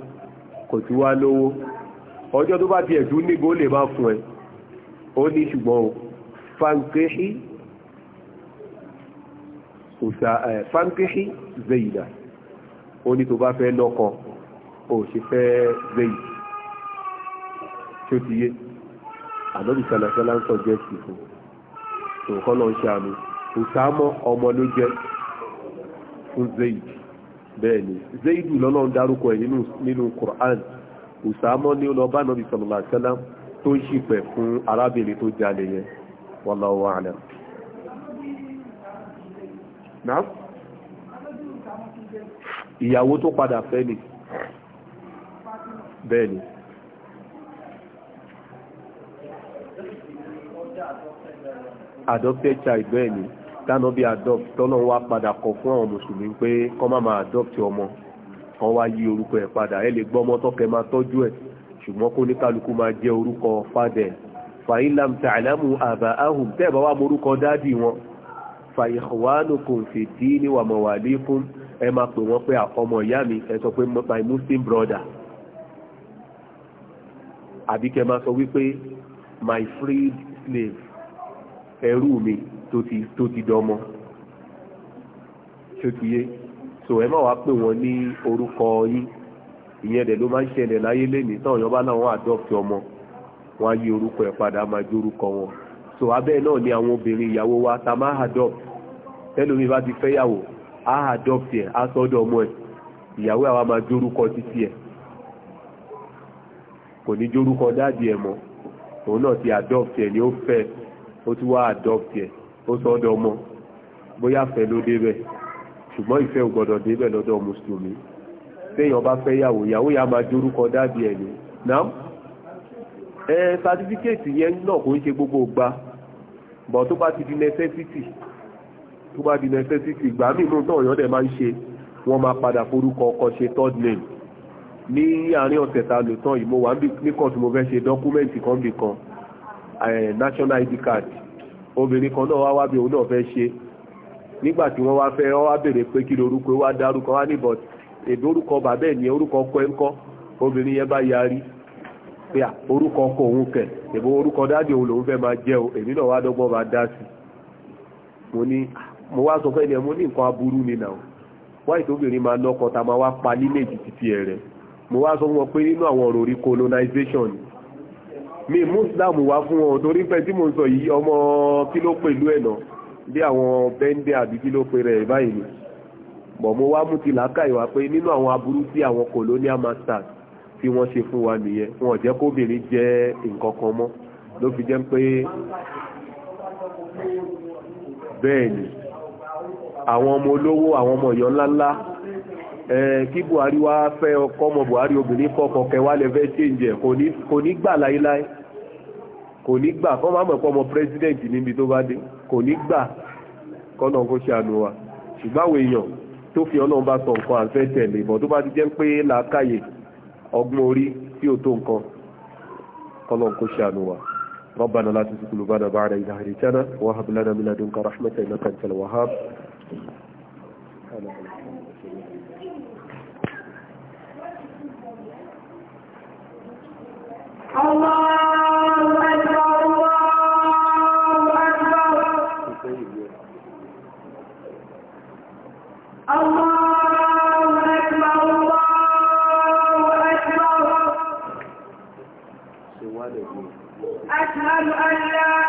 kò tún wá lówó ọjọ́ tó bá ti ẹ̀dún níbo ó lè má fún ẹ ó ní ṣùgbọ́n o fankehi òsà ẹ eh, fankehi zeyida ó ní tó bá fẹ́ lọ́kọ ó sì fẹ́ zeyi tó ti yé ànábì sàlàsàlà ń sọ jẹ́ sí fún tòun kọ́ lọ́n ṣe àmì òsà mọ́ ọmọ ló jẹ́ fún zeyidi bẹ́ẹ̀ni zaidu lọ́nà ń dárúkọ ẹ̀ nínú Qur'an Usama ní ọlọ́ bá nàbí sọ̀rọ̀lá sẹ́lá tó ń ṣìpẹ̀ fún arábìnrin tó jalè yẹn wallahu a'lam náà ìyàwó tó padà fẹ́ ni bẹ́ẹ̀ni adopted child bẹ́ẹ̀ni tánà bí adopt tọ́nà wá padà kọ̀ fún àwọn mùsùlùmí pé kọ́ má máa adopt ọmọ kan wá yí orúkọ ẹ̀ padà ẹ lè gbọ́ ọmọ tọ́kẹ́ máa tọ́jú ẹ̀ ṣùgbọ́n kó ní kálukú máa jẹ́ orúkọ fadẹ̀ fàílàm tàlámù àbá ahùn tẹ́ẹ̀bá wá morúkọ dádì wọn fàìhùwánùkùn fìdí ní wàmọ̀wàlíkùn ẹ máa pè wọ́n pé ọmọ ìyá mi ẹ sọ pé my muslim brother àbí kẹ máa sọ wípé my freed slave ẹrú mi tó ti dọmọ ṣó so ẹ má wàá pè wọ́n ní orúkọ yín ìyẹn dẹ̀ ló máa ń ṣẹlẹ̀ láyé táwọn adopt ọmọ wọn á yí orúkọ ẹ̀ padà máa wọn so abe náà ni àwọn obìnrin ìyàwó wa ta máa adopt tẹ́lómi bá ti fẹ́yàwó á adopt ẹ̀ á ọmọ ẹ̀ ìyàwó àwa máa orúkọ títí kò ní orúkọ òun náà ti adopt ni ó ó ti wá adopt ó sọ ọdọ ọmọ bóyá fẹ́ ló débẹ̀ ṣùgbọ́n ìfẹ́ ò gbọ́dọ̀ débẹ̀ lọ́dọ̀ mùsùlùmí téèyàn bá fẹ́ yàwó yàwó yà máa dórúkọ dádì ẹ̀ ni Nam? ẹ sátífíkẹ́ẹ̀tì yẹn náà kò ń ṣe gbogbo gba bọ̀ tó bá ti di necessity tó bá di necessity ìgbà mìínú náà yọ́n dẹ̀ máa ń ṣe wọ́n máa padà forúkọ ọkọ ṣe third name ní àárín ọ̀sẹ̀ ta lò tán ìmọ̀ wà ní kọ́ọ̀tù mo fẹ́ ṣe dọ́kúmẹ́ǹtì kan bì kan national id card obìnrin kan náà wá wá bí òun náà fẹ́ ṣe nígbà tí wọ́n wá fẹ́ wọ́n wá béèrè pé kí lorúkọ wá dárúkọ wá ní bọ̀t èdè orúkọ bàbá ẹ̀ ní orúkọ ọkọ ẹ̀ ń kọ́ obìnrin yẹn bá yarí pé à orúkọ ọkọ òun kẹ̀ èbó orúkọ dáàdì òun lòun fẹ́ máa jẹ́ o èmi náà wá dọ́gbọ́n máa dá sí mo ní mo wá sọ fẹ́ ni ẹ mo ní nǹkan aburú ni nà wáyé tóbìnrin máa lọ́kọ ta máa wá pa nílé èjì títí ẹ̀ rẹ̀ mo wá sọ fún wọn pé nínú àwọn ọ̀rọ̀ orí colonization ni mi muslim wá fún wọn torí pé tí mo sọ yìí ọmọ kí ló pẹ̀lú ẹ̀ náà bí àwọn bẹ́ńdẹ́ àbí kí ló pe rẹ̀ báyìí ni bọ̀ mo wá mú ti làákà ìwà pé nínú àwọn aburú tí àwọn colonial masters tí wọ́n ṣe fún wa nìyẹn wọn jẹ́ kóbìnrin jẹ́ nǹkan kan mọ́ ló fi jẹ́ pé bẹ́ẹ̀ni àwọn ọmọ olówó àwọn ọmọ ìyọ́ ńláńlá kí Buhari wá fẹ́ ọkọ ọmọ Buhari obìnrin kọ́kọ́ kẹwàá lẹ́fẹ́ ṣe ń kò ní gbà láíláí kò ní gbà kọ́ máa mọ̀ ọmọ pírẹsidẹ́ǹtì níbi tó bá dé kò ní gbà kọ́nà kó ṣàánú wa èèyàn tó fi ọlọ́run bá sọ nǹkan àfẹ́ tẹ̀lé ìbọn tó bá ti jẹ́ pé làákàyè ọgbọ́n orí tí ò tó nǹkan kọ́nà kó wa Allah أشهد أن لا